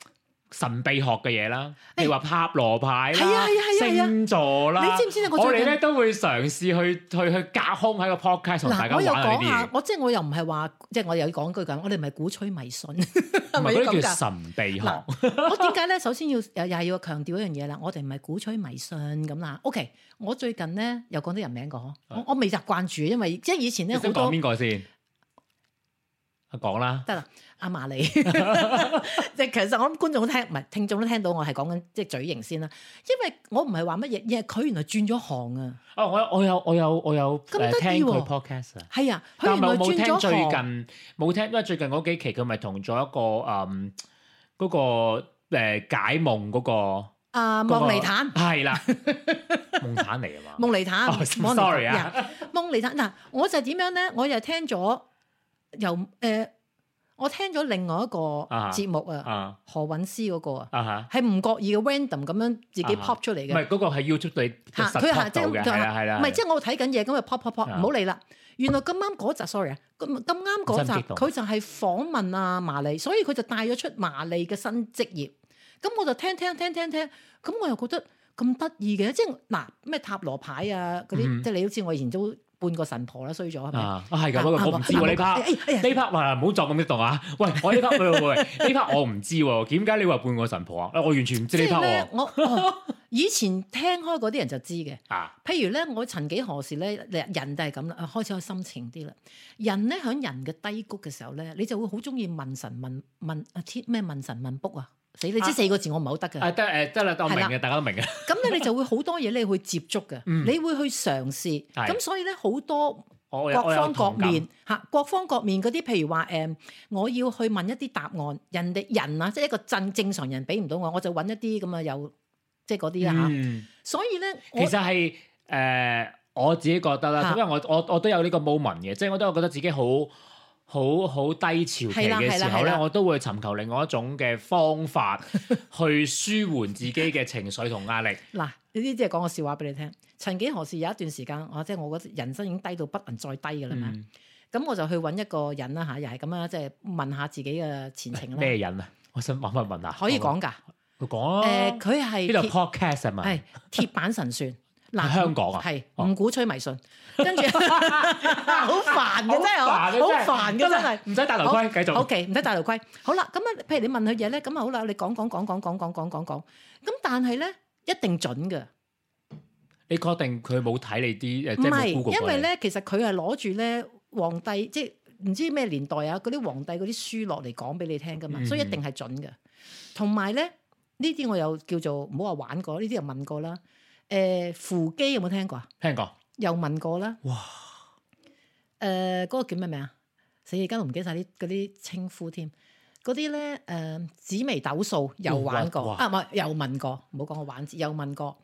A: 神秘學嘅嘢啦，譬如話塔羅牌、哎、啊，啊啊星座啦，你知唔知啊？我最近我哋咧都會嘗試去去去隔空喺個 podcast 同喇大家講又呢下，
B: 我即係我又唔係話，即係我又要講句咁，我哋唔係鼓吹迷信，係咪咁嗰啲叫神秘學。我點解咧？ 首先要又又係要強調一樣嘢啦。我哋唔係鼓吹迷信咁啦。OK，我最近咧又講啲人名個，啊、我我未習慣住，因為即係以前咧好多。先講邊
A: 個先？講啦，
B: 得啦，阿麻你，即係其實我諗觀眾聽，唔係聽眾都聽到我係講緊即係嘴型先啦，因為我唔係話乜嘢，而係佢原來轉咗行啊。
A: 哦，我我有我有我有，咁得意喎。係啊，佢
B: 原來轉咗行。
A: 冇聽，因為最近嗰幾期佢咪同咗一個誒，嗰個誒解夢嗰個
B: 誒夢尼坦
A: 係啦，夢坦嚟，啊嘛，夢尼坦。sorry 啊，
B: 夢尼坦嗱，我就點樣咧？我又聽咗。由誒、呃，我聽咗另外一個節目啊，何韻詩嗰、嗰個啊，係唔覺意嘅 random 咁樣自己 pop 出嚟嘅，唔係
A: 嗰個係 YouTube 嚟，嚇佢嚇即係唔係即係
B: 我睇緊嘢咁就 pop pop pop，唔好理啦。原來咁啱嗰集，sorry，咁咁啱嗰集佢就係訪問啊麻利，所以佢就帶咗出麻利嘅新職業。咁我就聽聽聽聽聽，咁我又覺得咁得意嘅，即係嗱咩塔羅牌啊嗰啲，即係你好似我以前都、嗯。半個神婆啦，衰咗係咪？啊，係咁，我唔知喎呢 part。
A: 呢 part 唔好作咁激動啊！喂，我呢 part，喂喂喂，呢 part 我唔知喎，點解你話半個神婆啊？我完全唔知呢 part。我
B: 以前聽開嗰啲人就知嘅。啊，譬如咧，我曾幾何時咧，人就係咁啦，開始我心情啲啦。人咧喺人嘅低谷嘅時候咧，你就會好中意問神問問啊，咩問神問卜啊。死！你知四個字我唔
A: 係好得嘅。係得誒得啦，我明嘅，大家都明嘅。
B: 咁 咧你就會好多嘢你去接觸嘅，嗯、你會去嘗試。咁是所以咧好多
A: 各方各面
B: 嚇，各方各面嗰啲，譬如話誒、嗯，我要去問一啲答案，人哋人啊，即係一個鎮正，正常人俾唔到我，我就揾一啲咁啊有，即係嗰啲啦嚇。嗯、所以咧，其實
A: 係誒、呃、我自己覺得啦，啊、因為我我我都有呢個 moment 嘅，即、就、係、是、我都覺得自己好。好好低潮期嘅時候咧，我都會尋求另外一種嘅方法去舒緩自己嘅情緒同壓力。
B: 嗱，呢啲即係講個笑話俾你聽。曾幾何時有一段時間，即我即係我覺得人生已經低到不能再低嘅啦嘛。咁、嗯、我就去揾一個人啦吓，又係咁樣，即係問下自己嘅前程啦。咩
A: 人啊？我想問問問下，可以講
B: 噶？佢講誒，佢係呢度 podcast 係咪？係鐵板神算。 嗱，香港啊，係唔鼓吹迷信，
A: 跟住好煩嘅真係，好煩嘅真係，唔使戴頭盔，繼續。OK，
B: 唔使戴頭盔，好啦，咁啊，譬如你問佢嘢咧，咁啊好啦，你講講講講講講講講講，咁但係咧一定準㗎。
A: 你確定佢冇睇你啲？唔係，因為咧，
B: 其實佢係攞住咧皇帝，即係唔知咩年代啊，嗰啲皇帝嗰啲書落嚟講俾你聽㗎嘛，所以一定係準㗎。同埋咧，呢啲我又叫做唔好話玩過，呢啲又問過啦。誒、呃，扶乩有冇聽過啊？聽過，聽過又問過啦。哇！誒、呃，嗰、那個叫咩名啊？死而家都唔記得晒啲嗰啲稱呼添，嗰啲咧誒，紫微斗數又玩過哇啊？唔係，又問過，唔好講我玩，又問過。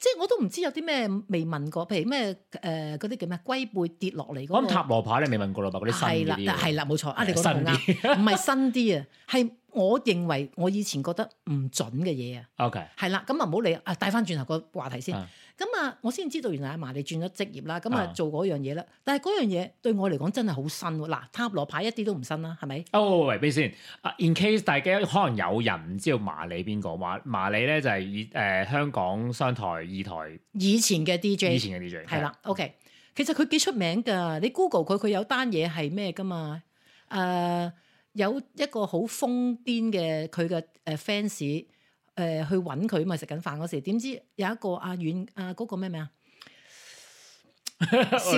B: 即係我都唔知有啲咩未問過，譬如咩誒嗰啲叫咩龜背跌落嚟嗰個、嗯、塔
A: 羅牌你未問過啦，噃，嗰啲新啲係啦，係啦冇錯啊，你講啱，
B: 唔係新啲一啊，係 我認為我以前覺得唔準嘅嘢啊，OK 係啦，咁啊唔好理啊，帶翻轉頭個話題先。嗯。咁啊，我先知道原來阿馬利轉咗職業啦，咁啊做嗰樣嘢啦。嗯、但係嗰樣嘢對我嚟講真係好新喎、啊！嗱，塔羅牌一啲
A: 都唔新啦、啊，係咪？哦，喂，俾先。啊，in case 大家可能有人唔知道馬利邊個嘛，馬利咧就係以誒香港商台二台
B: 以前嘅 DJ，以前嘅 DJ 係啦的。嗯、OK，其實佢幾出名㗎，你 Google 佢，佢有單嘢係咩㗎嘛？誒、呃，有一個好瘋癲嘅佢嘅誒 fans。誒、呃、去揾佢嘛？食緊飯嗰時，點知有一個阿、啊、遠阿嗰個咩咩啊？
A: 少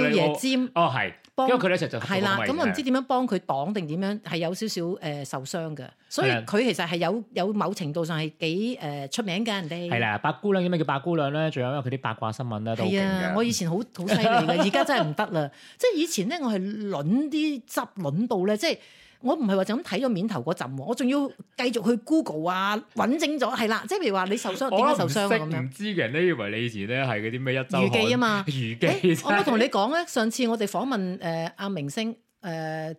A: 爺詹哦係，是幫因為佢咧就就係啦。咁我唔知點
B: 樣幫佢擋定點樣，係有少少誒、呃、受傷嘅。所以佢其實係有有某程度上係幾誒出名嘅人哋。係啦、
A: 啊，八姑娘點咩？叫八姑娘咧？仲有因為佢啲八卦新聞咧都係啊！我以
B: 前好好犀利嘅，而家真係唔得啦。即係以前咧，我係攆啲執攆到咧，即係。我唔係話就咁睇咗面頭嗰陣喎，我仲要繼續去 Google 啊，揾正咗係啦。即係譬如話你受傷，點解受傷咁樣，唔
A: 知嘅人都以為你以前咧係嗰啲咩一周娛記啊嘛娛記。我冇同你
B: 講咧，上次我哋訪問誒阿、呃、明星誒，佢、呃、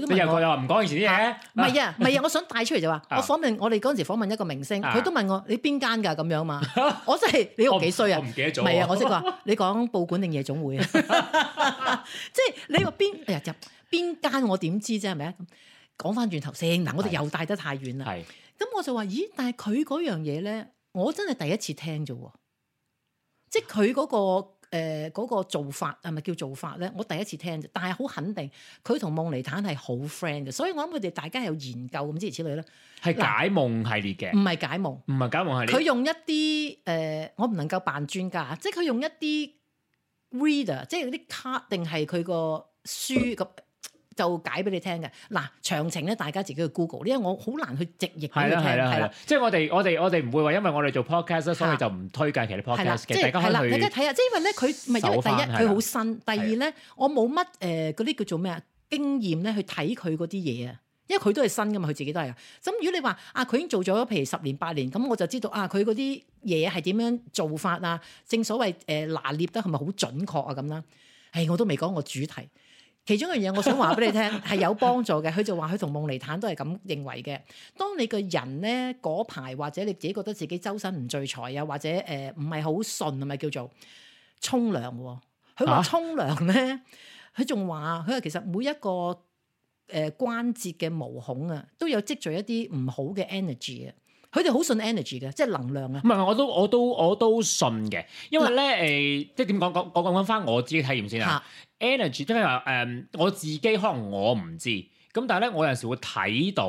B: 都我又又
A: 話唔講以前啲嘢。唔係啊，唔係
B: 啊，啊，我想帶出嚟就話我訪問我哋嗰陣時訪問一個明星，佢、啊、都問我你邊間㗎咁樣嘛？ 我真係你個幾衰啊！唔記得咗？唔係啊，我識啊。 你講報館定夜總會啊？即 係你個邊？哎呀入。邊間我點知啫？係咪啊？講翻轉頭先嗱，我哋又帶得太遠啦。咁是我就話：咦，但係佢嗰樣嘢咧，我真係第一次聽啫。即係佢嗰個誒、呃嗰個、做法係咪叫做法咧？我第一次聽啫。但係好肯定，佢同夢妮坦係好 friend 嘅。所以我諗佢哋大家有研究咁之類此類啦。係解
A: 夢系列嘅，唔係解夢，唔係解夢系列。佢
B: 用一啲誒、呃，我唔能夠扮專家，即係佢用一啲 reader，即係啲卡定係佢個書咁。 就解俾你聽嘅，嗱，詳情咧大家自己去 Google，因為我好難去直譯俾你聽。係啦係啦，
A: 即係我哋我哋我哋唔會話，因為我哋做 podcast 所以就唔推介其他 podcast。即係大家睇下，
B: 即係因為咧，佢唔係，因為第一佢好新，第二咧我冇乜誒嗰啲叫做咩啊經驗咧去睇佢嗰啲嘢啊，因為佢都係新噶嘛，佢自己都係。咁如果你話啊，佢已經做咗譬如十年八年，咁我就知道啊，佢嗰啲嘢係點樣做法啊？正所謂誒，拿捏得係咪好準確啊？咁啦，誒我都未講我主題。其中一樣嘢，我想話俾你聽，係 有幫助嘅。佢就話佢同夢尼坦都係咁認為嘅。當你個人咧，嗰排或者你自己覺得自己周身唔聚財啊，或者誒唔係好順啊，係咪叫做沖涼。佢話沖涼咧，佢仲話佢話其實每一個誒、呃、關節嘅毛孔啊，都有積聚一啲唔好嘅 energy 啊。佢哋好信 energy 嘅，即係能量啊！
A: 唔係，我都我都我都信嘅，因為咧誒、啊，即係點講講講講翻我自己體驗先啊！energy 即係話誒，我自己可能我唔知，咁但係咧，我有陣時會睇到，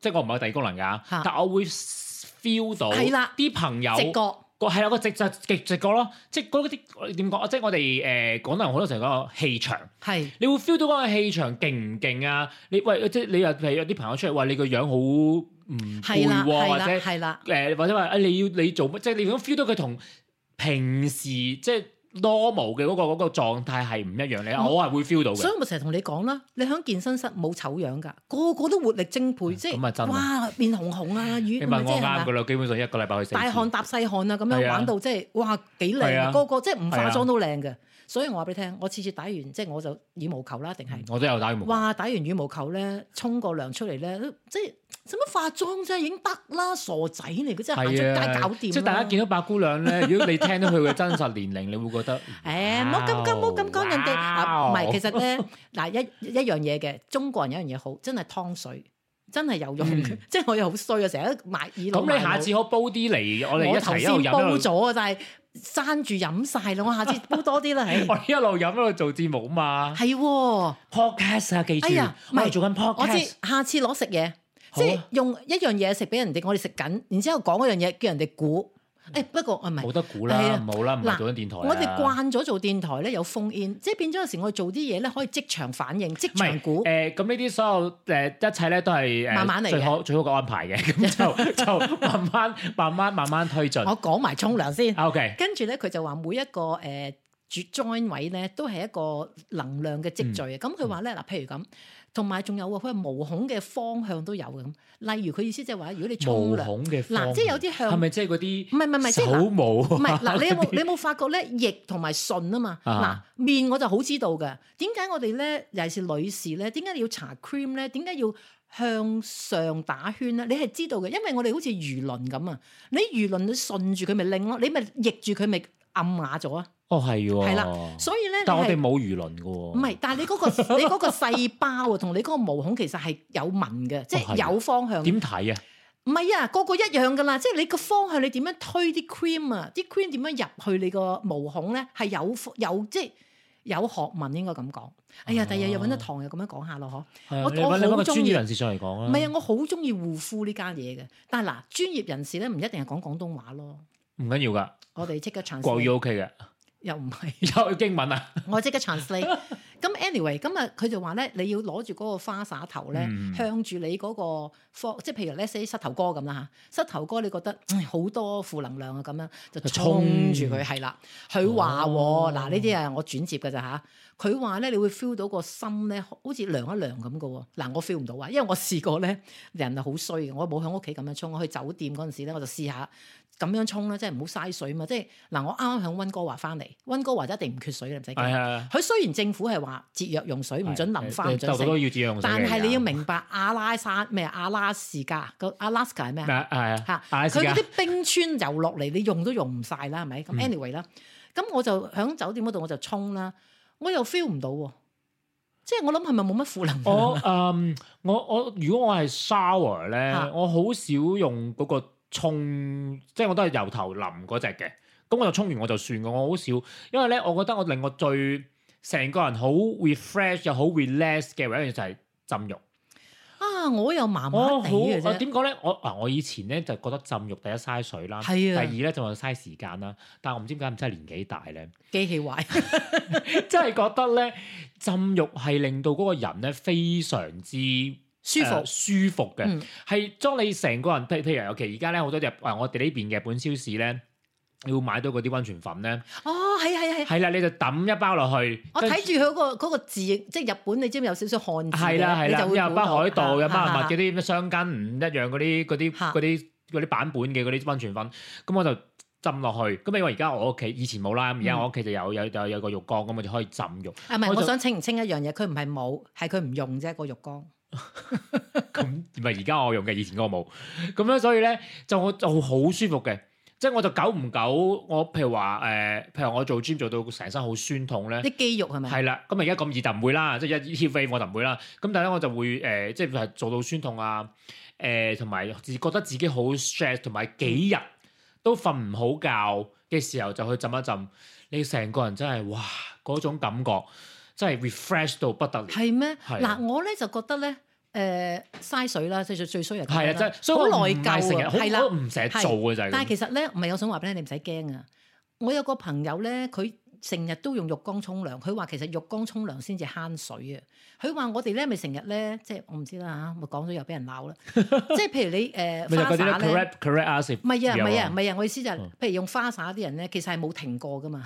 A: 即係我唔係有第二功能㗎，啊、但我會 feel 到的。係啦，啲朋友係啦，個直就極直覺咯，即係嗰啲點講啊？即係我哋誒廣東人好多時候講氣場，係你會 feel 到嗰個氣場勁唔勁啊？你喂，即係你又譬如有啲朋友出嚟話你個樣好唔攰，或者誒係啦，或者話啊、哎、你要你做乜？即係你會 feel 到佢同平時即係。多毛嘅嗰個嗰、嗰個狀態係唔一樣嘅，嗯、我係會 feel 到嘅。所以我
B: 咪成日同你講啦，你喺健身室冇醜樣噶，個個都活力充沛，嗯、即係是哇面紅紅啊，與唔知啊。你問我啱噶
A: 啦，吧基本上一個禮拜去大汗搭
B: 細汗啊，咁樣玩到即係、啊、哇幾靚，啊啊、個個即係唔化妝都靚嘅。所以我話俾你聽，我次次打完即係我就羽毛球啦，定係、嗯、我都有打羽毛球。話打完羽毛球咧，沖個涼出嚟咧，即係使乜化妝啫？已經得啦，傻仔嚟嘅真係，一腳、啊、搞掂。即係大家見
A: 到白姑娘咧，如果你聽到佢嘅真實年齡， 你會覺得誒，唔好咁唔好咁講人哋。唔係、哦啊，其實咧
B: 嗱一一,一樣嘢嘅，中國人有樣嘢好，真係湯水真係有用、嗯、即係我又好衰啊，成日都買二老。咁你下次可
A: 煲啲嚟，我哋一齊一路飲咯。我頭先煲咗
B: 啊，但係。爭住飲晒啦，我下次煲多啲啦，係 是。我
A: 一路飲一路做節目嘛，係、哦。podcast 啊，記住，啊，我係做緊 podcast。
B: 我知下次攞食嘢，即係、啊、用一樣嘢食俾人哋，我哋食緊，然之後講嗰樣嘢，叫人哋估。誒不過啊唔係冇
A: 得估啦，冇啦，唔做緊電台。我哋慣
B: 咗做電台
A: 咧，有 phone in，即係變咗有時我哋做啲嘢咧，可以即場反應，即場估。誒咁呢啲所有誒一切咧都係誒慢慢嚟最好最好個安排嘅，咁就就慢慢慢慢慢慢推進。我講埋沖涼先。OK。
B: 跟住咧，佢就話每一個誒 join 位咧都係一個能量嘅積聚。咁佢話咧嗱，譬如咁。同埋仲有喎，佢係毛孔嘅方向都有嘅咁。例如佢意思即係話，如果你粗毛孔嘅，嗱即係有啲向，係咪
A: 即係嗰啲唔係唔係唔係，好毛唔係嗱，你有冇
B: 你有冇發覺咧？逆同埋順啊嘛，嗱、啊、面我就好知道嘅。點解我哋咧尤其是女士咧？點解你要搽 cream 咧？點解要向上打圈咧？你係知道嘅，因為我哋好似魚鱗咁啊！你魚鱗你順住佢咪拎咯，你咪逆住佢咪。暗啞咗啊！
A: 哦，係喎，係啦，所以咧，但我哋冇輿論噶喎，唔
B: 係，但係你嗰個你嗰個細胞同你嗰個毛孔其實係有紋嘅，即係有方向。點睇啊？唔係啊，個個一樣噶啦，即係你個方向，你點樣推啲 cream 啊？啲 cream 點樣入去你個毛孔咧？係有有即係有學問，應該咁講。哎呀，第日又搵得堂又咁樣講下咯，嗬？我我好中意專業人
A: 士上嚟講啊，唔係啊，我
B: 好中意護膚呢家嘢嘅。但係嗱，專業人士咧唔一定係講廣東話咯，
A: 唔緊要噶。
B: 我哋即刻嘗試，果然 O K 嘅，又唔係
A: 有英文啊！
B: 我即刻嘗試。咁 Anyway，今日佢就話咧，你要攞住嗰個花灑頭咧、那個，向住你嗰個即係譬如咧，say 膝頭哥咁啦吓，膝頭哥你覺得好、嗯、多負能量啊，咁樣就沖住佢係沖啦。佢話嗱呢啲啊，我轉接噶咋吓？佢話咧，你會 feel 到個心咧，好似涼一涼咁噶喎。嗱，我 feel 唔到啊，因為我試過咧，人啊好衰嘅，我冇響屋企咁樣沖，我去酒店嗰陣時咧，我就試下。咁樣沖啦，即係唔好嘥水嘛！即係嗱，我啱啱喺溫哥華翻嚟，溫哥華就一定唔缺水，你唔使驚。佢是的 雖然政府係話節約用水，唔的准淋花，唔的準洗，越越但係你要明白阿拉山咩阿拉斯加個阿拉斯加係咩啊？係啊，嚇、
A: 啊！佢嗰啲
B: 冰川流落嚟，你用都用唔晒啦，係咪？咁 anyway 啦，咁、啊、我就喺酒店嗰度我就沖啦，我又 feel 唔到喎，即係我諗係咪冇乜負能？我
A: 我如果我係 shower 咧，我好少用嗰、那個。沖即係我都係由頭淋嗰隻嘅，咁我就沖完我就算嘅，我好少，因為咧，我覺得我令我最成個人好 refresh 又好 relax 嘅，唯一嘢就係浸浴。
B: 啊，我又麻麻地嘅啫。點
A: 講咧？啊呢我啊，我以前咧就覺得浸浴第一嘥水啦，係啊的，第二咧就話嘥時間啦。但係我唔知點解唔知係年紀大咧，
B: 機器壞，
A: 真係覺得咧浸浴係令到嗰個人咧非常之。舒服舒服嘅，係將你成個人，譬譬如我屋企而家咧，好多日啊，我哋呢邊嘅日本超市咧，會買到嗰啲溫泉粉咧。
B: 哦，係啊，係啊，係
A: 啦，你就抌一包落去。我
B: 睇住佢嗰個個字，即係日本，你知唔知有少少漢字咧？係啦，係啦，有北海道嘅，包乜嘅啲
A: 雙根唔一樣嗰啲嗰啲嗰啲嗰啲版本嘅嗰啲溫泉粉。咁我就浸落去。咁因為而家我屋企以前冇啦，咁而家我屋企就有有有個浴缸，咁我就可以浸浴。啊，唔係，我想
B: 清唔清一樣嘢？佢唔係冇，係佢唔用啫，個浴缸。
A: 咁唔係而家我用嘅，以前我冇咁樣，所以咧就我就好舒服嘅，即係我就久唔久，我譬如話誒、呃，譬如我做 gym 做到成身好酸痛咧，啲肌肉係咪？係啦，咁啊而家咁熱就唔會啦，即係一 heat wave 我就唔會啦。咁但係咧我就會誒，即、呃、係、就是、做到酸痛啊，誒、呃，同埋自覺得自己好 stress，同埋幾日都瞓唔好覺嘅時候，就去浸一浸，你成個人真係哇嗰種感覺。真係 refresh 到不得了，係咩？嗱，
B: 我咧就覺得咧，誒，嘥水啦，即最衰人。係啊，真係好內疚，好唔成日，好多唔成做嘅就係。但係其實咧，唔係我想話俾你，你唔使驚啊！我有個朋友咧，佢成日都用浴缸沖涼，佢話其實浴缸沖涼先至慳水啊！佢話我哋咧，咪成日咧，即係我唔知啦嚇，咪講咗又俾人鬧啦。即係譬如你誒花灑咧，correct
A: correct 啊，係咪呀？唔係呀，唔係呀，唔
B: 係呀！我意思就係，譬如用花灑啲人咧，其實係冇停過噶嘛。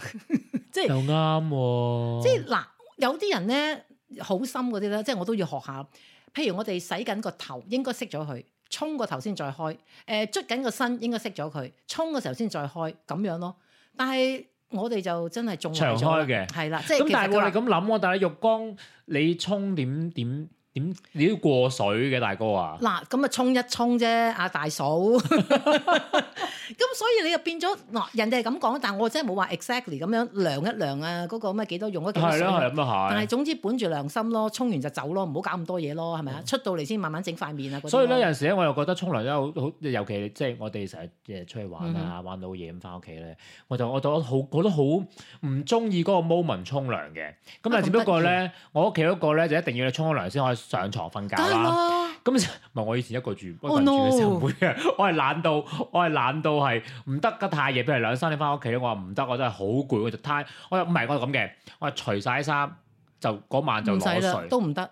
A: 即係又啱。即係
B: 嗱。有啲人咧好深嗰啲咧，即係我都要學下。譬如我哋洗緊個頭，應該熄咗佢，沖個頭先再開。誒、呃，捽緊個身應該熄咗佢，沖嘅時候先再開，咁樣咯。但係我哋就真係縱壞咗。長開嘅係啦，即係咁，但係我哋係咁
A: 諗啊。但係浴缸你沖點點？點你都過水嘅大哥啊？
B: 嗱，咁啊沖一沖啫，阿大嫂。咁 所以你又變咗嗱，人哋係咁講，但係我真係冇話 exactly 咁樣量一量啊，嗰、嗰個咩幾多用咗幾多？係啦，係咁啊，但係總之本住良心咯，沖完就走咯，唔好搞咁多嘢咯，係咪、嗯、啊？出到嚟先慢慢整塊面啊。所以咧，有陣
A: 時咧，我又覺得沖涼咧，好好，尤其即係我哋成日嘅出去玩啊，嗯、玩到嘢咁翻屋企咧，我就我對好，我都好唔中意嗰個 moment 沖涼嘅。咁啊，只不過咧，啊、我屋企嗰個咧就一定要你沖咗涼先可以，可以。上床瞓覺啊！咁咪我以前一個住，一個人住嘅時候會嘅，oh, no. 我係懶到，我係懶到係唔得得太夜，譬如兩三點翻屋企我話唔得，我，得我真係好攰，我就攤。我又唔係，我係咁嘅，我除曬衫就嗰晚就攞睡。都唔
B: 得，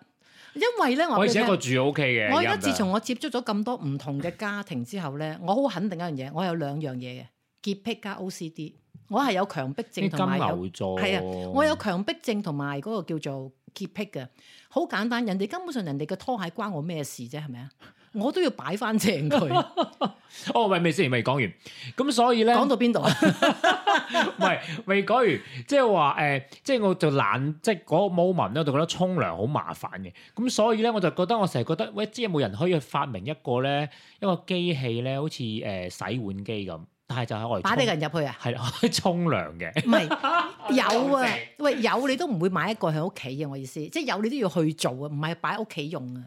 B: 因為咧我。我以前一個住
A: O K 嘅。我覺得自從
B: 我接觸咗咁多唔同嘅家庭之後咧， 我好肯定一樣嘢，我有兩樣嘢嘅潔癖加 O C D，我係有強迫症同埋有。金牛座。係啊，我有強迫症同埋嗰個叫做。潔癖嘅，好簡單，人哋根本上人哋嘅拖鞋關我咩事啫，係咪啊？我都要擺翻正佢。
A: 哦，未未先未講完，咁所以咧，講到邊度啊？唔係未講完，即係話誒，即係我就懶，即係嗰個 moment 咧，我就覺得沖涼好麻煩嘅。咁所以咧，我就覺得我成日覺得，喂，知有冇人可以去發明一個咧，一個機器咧，好似誒洗碗機咁。但係就喺外擺啲人入去啊，係沖涼嘅。唔 係，
B: 有啊， 喂有你都唔會買一個喺屋企嘅，我意思，即係有你都要去做啊，唔係擺屋企用啊。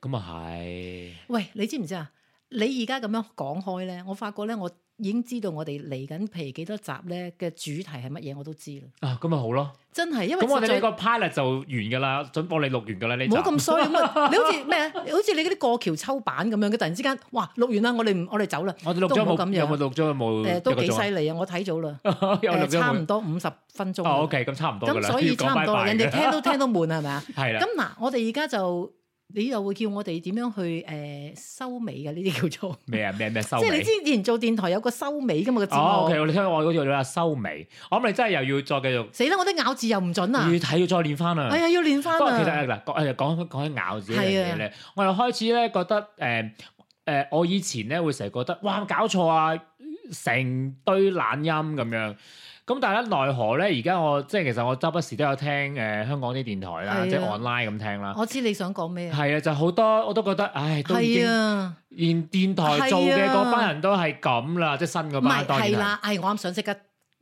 A: 咁啊係。
B: 喂，你知唔知啊？你而家咁樣講開咧，我發覺咧我。已經知道我哋嚟緊，譬如幾多集咧嘅主題係乜嘢，我都知啦。
A: 啊，咁咪好咯，
B: 真係，因為我哋呢個
A: pilot 就完㗎啦，準備你錄完㗎啦，你唔好咁衰，你好似
B: 咩啊，好似你嗰啲過橋抽板咁樣，佢突然之間，哇，錄完啦，我哋唔，我哋走啦，都冇咁樣，有冇錄
A: 咗冇？誒，都幾犀
B: 利啊，我睇到啦，誒，差唔多五十分鐘。哦，OK，咁差唔多啦。咁所以差唔多，人哋聽都聽到悶係咪啊？係啦。咁嗱，我哋而家就。你又會叫我哋點樣去誒、呃、收尾嘅？呢啲叫做
A: 咩啊？咩咩收？尾？ 即係你之
B: 前做電台有個收尾嘅嘛個字？目、哦。哦，OK，
A: 你聽我嗰句你話收尾，我諗你真係又要再繼續。
B: 死啦！我啲咬字又唔準啊！要
A: 係要再練翻啦。哎呀，要練翻啊！不過其實嗱，講講起咬字呢樣咧，的我又開始咧覺得誒誒、呃呃，我以前咧會成日覺得哇搞錯啊，成堆懶音咁樣。咁但係咧，奈何咧？而家我即係其實我周不時都有聽誒、呃、香港啲電台啦，啊、即係 online 咁聽啦。我
B: 知你想講咩？係
A: 啊，就好多我都覺得唉，都已經連、啊、電台做嘅嗰班人都係咁啦，啊、即係新嗰班當然係。唔係啦，
B: 係、啊、我啱想即刻。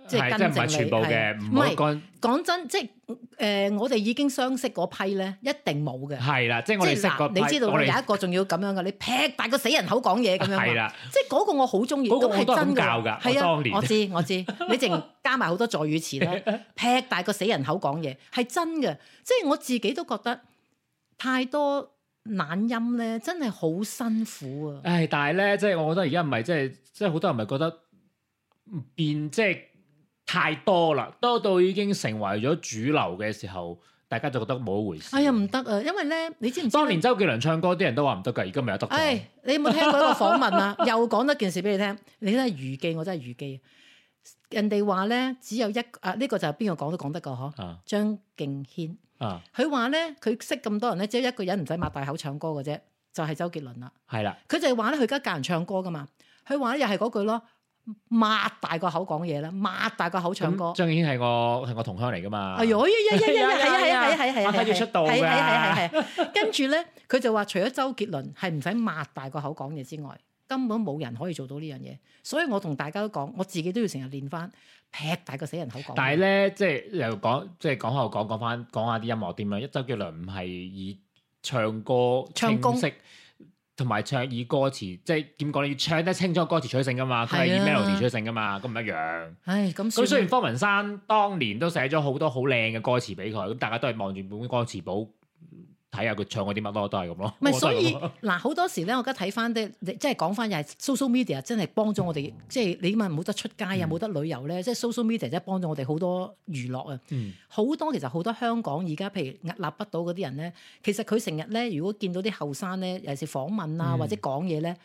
B: 即係唔係全部嘅，唔係講真，即係誒，我哋已經相識嗰批咧，一定冇嘅。係啦，即係我哋識嗰批。你知道有一個仲要咁樣嘅，你劈大個死人口講嘢咁樣。係啦，即係嗰個我好中意。嗰個真多人教㗎。係啊，我知我知。你淨加埋好多助語詞啦，劈大個死人口講嘢係真嘅。即係我自己都覺得太多懶音咧，真係好辛苦啊！
A: 唉，但係咧，即係我覺得而家唔係即係，即係好多人唔係覺得變即係。太多啦，多到已經成為咗主流嘅時候，大家就覺得冇一回事。哎呀，唔
B: 得啊！因為咧，
A: 你知唔知？當年周杰倫唱歌，啲人都話唔得㗎，而家咪有得。哎，
B: 你有冇聽過一個訪問啊？ 又講多件事俾你聽。你真係預記，我真係預記。人哋話咧，只有一啊，呢個就係邊個講都講得㗎嗬，啊，張敬軒啊，佢話咧，佢、啊、識咁多人咧，只有一個人唔使擘大口唱歌嘅啫，就係、是、周杰倫啦。係啦、啊，佢 就係話咧，佢而家教人唱歌㗎嘛。佢話咧，又係嗰句咯。擘大個口講嘢啦，擘大個口唱歌。張
A: 敬軒係我係我同鄉嚟噶嘛。哎？哎呀，一、哎、一、 哎呀、係啊係啊係啊係啊，跟住出道嘅。係啊係啊係啊，
B: 跟住咧，佢就話除咗周杰倫係唔使擘大個口講嘢之外，根本冇人可以做到呢樣嘢。所以，我同大家都講，我自己都要成日練翻劈大個死人口講。但係
A: 咧，即係又講，即係講後講講翻，講下啲音樂點樣。一，周杰倫唔係以唱歌唱功。同埋唱以歌詞，即係點講咧？要唱得清楚歌詞取勝噶嘛，佢係、啊、以 melody 取勝噶嘛，咁唔一樣。
B: 唉，咁。咁所以雖然
A: 方文山當年都寫咗好多好靚嘅歌詞俾佢，咁大家都係望住本歌詞簿。睇下佢唱嗰啲乜咯，都係咁咯。唔係是，所以
B: 嗱好 多時咧，我而家睇翻啲，即係講翻又係 social media 真係幫咗我哋，嗯、即係你問冇得出街又冇得旅遊咧，即係 social media 真係幫咗我哋好多娛樂啊！好、嗯、多其實好多香港而家譬如屹立不倒嗰啲人咧，其實佢成日咧，如果見到啲後生咧，尤其是訪問啊，或者講嘢咧。嗯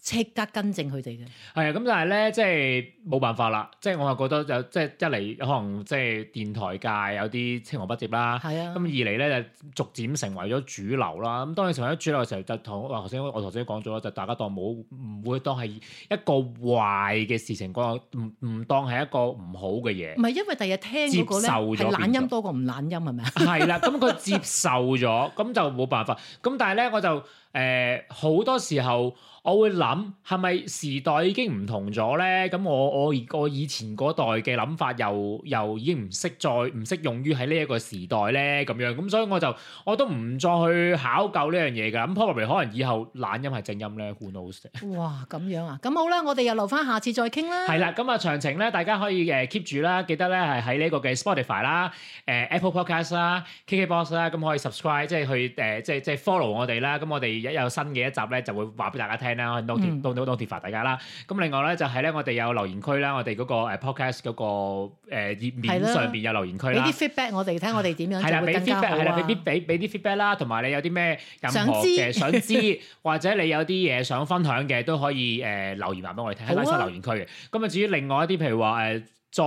B: 即刻跟正佢哋
A: 嘅，係啊，咁但係咧，即係冇辦法啦，即係我係覺得就即係一嚟可能即係電台界有啲青黃不接啦，係啊，咁二嚟咧就逐漸成為咗主流啦。咁當你成為咗主流嘅時候，就同我頭先我頭先講咗，就大家當冇，唔會當係一個壞嘅事情，個唔唔當係一個唔好嘅嘢。唔
B: 係因為第日聽嗰個接受咗咧係懶音多過唔懶音係咪？
A: 係啦，咁佢接受咗，咁就冇辦法。咁但係咧，我就。誒好多時候，我會諗係咪時代已經唔同咗咧？咁我我我以前嗰代嘅諗法，又又已經唔識再唔適用於喺呢一個時代咧咁樣。咁所以我就我都唔再去考究呢樣嘢㗎。咁 probably 可能以後懶音係正音咧，who knows？
B: 哇，咁樣啊！咁好啦，我哋又留翻下次再傾
A: 啦。係啦，咁啊詳情咧，大家可以誒 keep 住啦，記得咧係喺呢個嘅 Spotify 啦、誒 Apple Podcast 啦、KKBox 啦，咁可以 subscribe 即係去誒即係即係 follow 我哋啦。咁我哋。有新嘅一集咧，就會話俾大家聽啦，多啲多多多啲發大家啦。咁、嗯嗯、另外咧，就係、是、咧，我哋有留言區啦，我哋嗰、那個、uh, podcast 嗰、那個誒頁、呃、面上邊的有留言區啦。啲
B: feedback 我哋睇我哋點樣、啊，係啦俾 feedback 係啦，俾啲
A: 俾俾啲 feedback 啦，同埋你有啲咩任何嘅想知，想知 或者你有啲嘢想分享嘅都可以誒、呃、留言話俾我哋聽，係有、啊、留言區嘅。咁啊至於另外一啲譬如話誒。呃再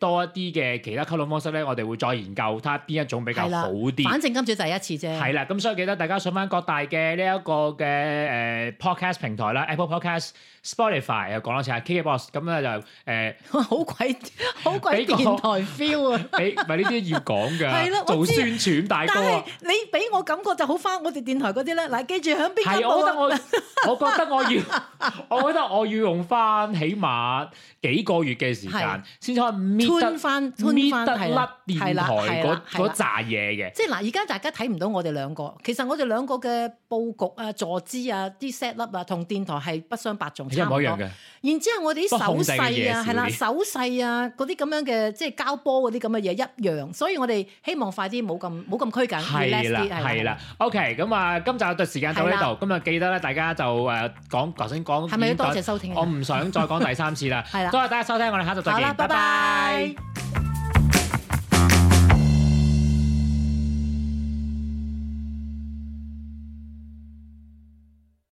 A: 多一啲嘅其他溝通方式咧，我哋會再研究睇下邊一種比較好啲。係啦，反正今次就係一次啫。係啦，咁所以記得大家上翻各大嘅呢一個嘅誒、呃、podcast 平台啦，Apple Podcast。Spotify 又講多次啊，KKBox 咁咧就誒好鬼好鬼電台 feel 啊！唔係呢啲要講嘅，做宣傳大哥啊！
B: 你俾我感覺就好翻我哋電台嗰啲咧，嗱記住響
A: 邊一部咧？我覺得我要，我覺得我要用翻起碼幾個月嘅時間先可以搣得翻搣得甩電台嗰扎嘢嘅。即
B: 係嗱，而家大家睇唔到我哋兩個，其實我哋兩個嘅布局啊、坐姿啊、啲 set up 啊，同電台係不相伯仲。一模一樣嘅，然之後我哋啲手勢啊，係啦，手勢啊，嗰啲咁樣嘅，即係交波嗰啲咁嘅嘢一樣，所以我哋希望快啲冇咁冇咁拘謹，會 less 啲係啦，係啦
A: ，OK，咁啊，今集嘅時間到呢度，咁啊，記得咧，大家就誒講頭先講，係咪？多謝收聽，我唔想再講第三次啦，係啦，多謝大家收聽，我哋下集再見，拜拜。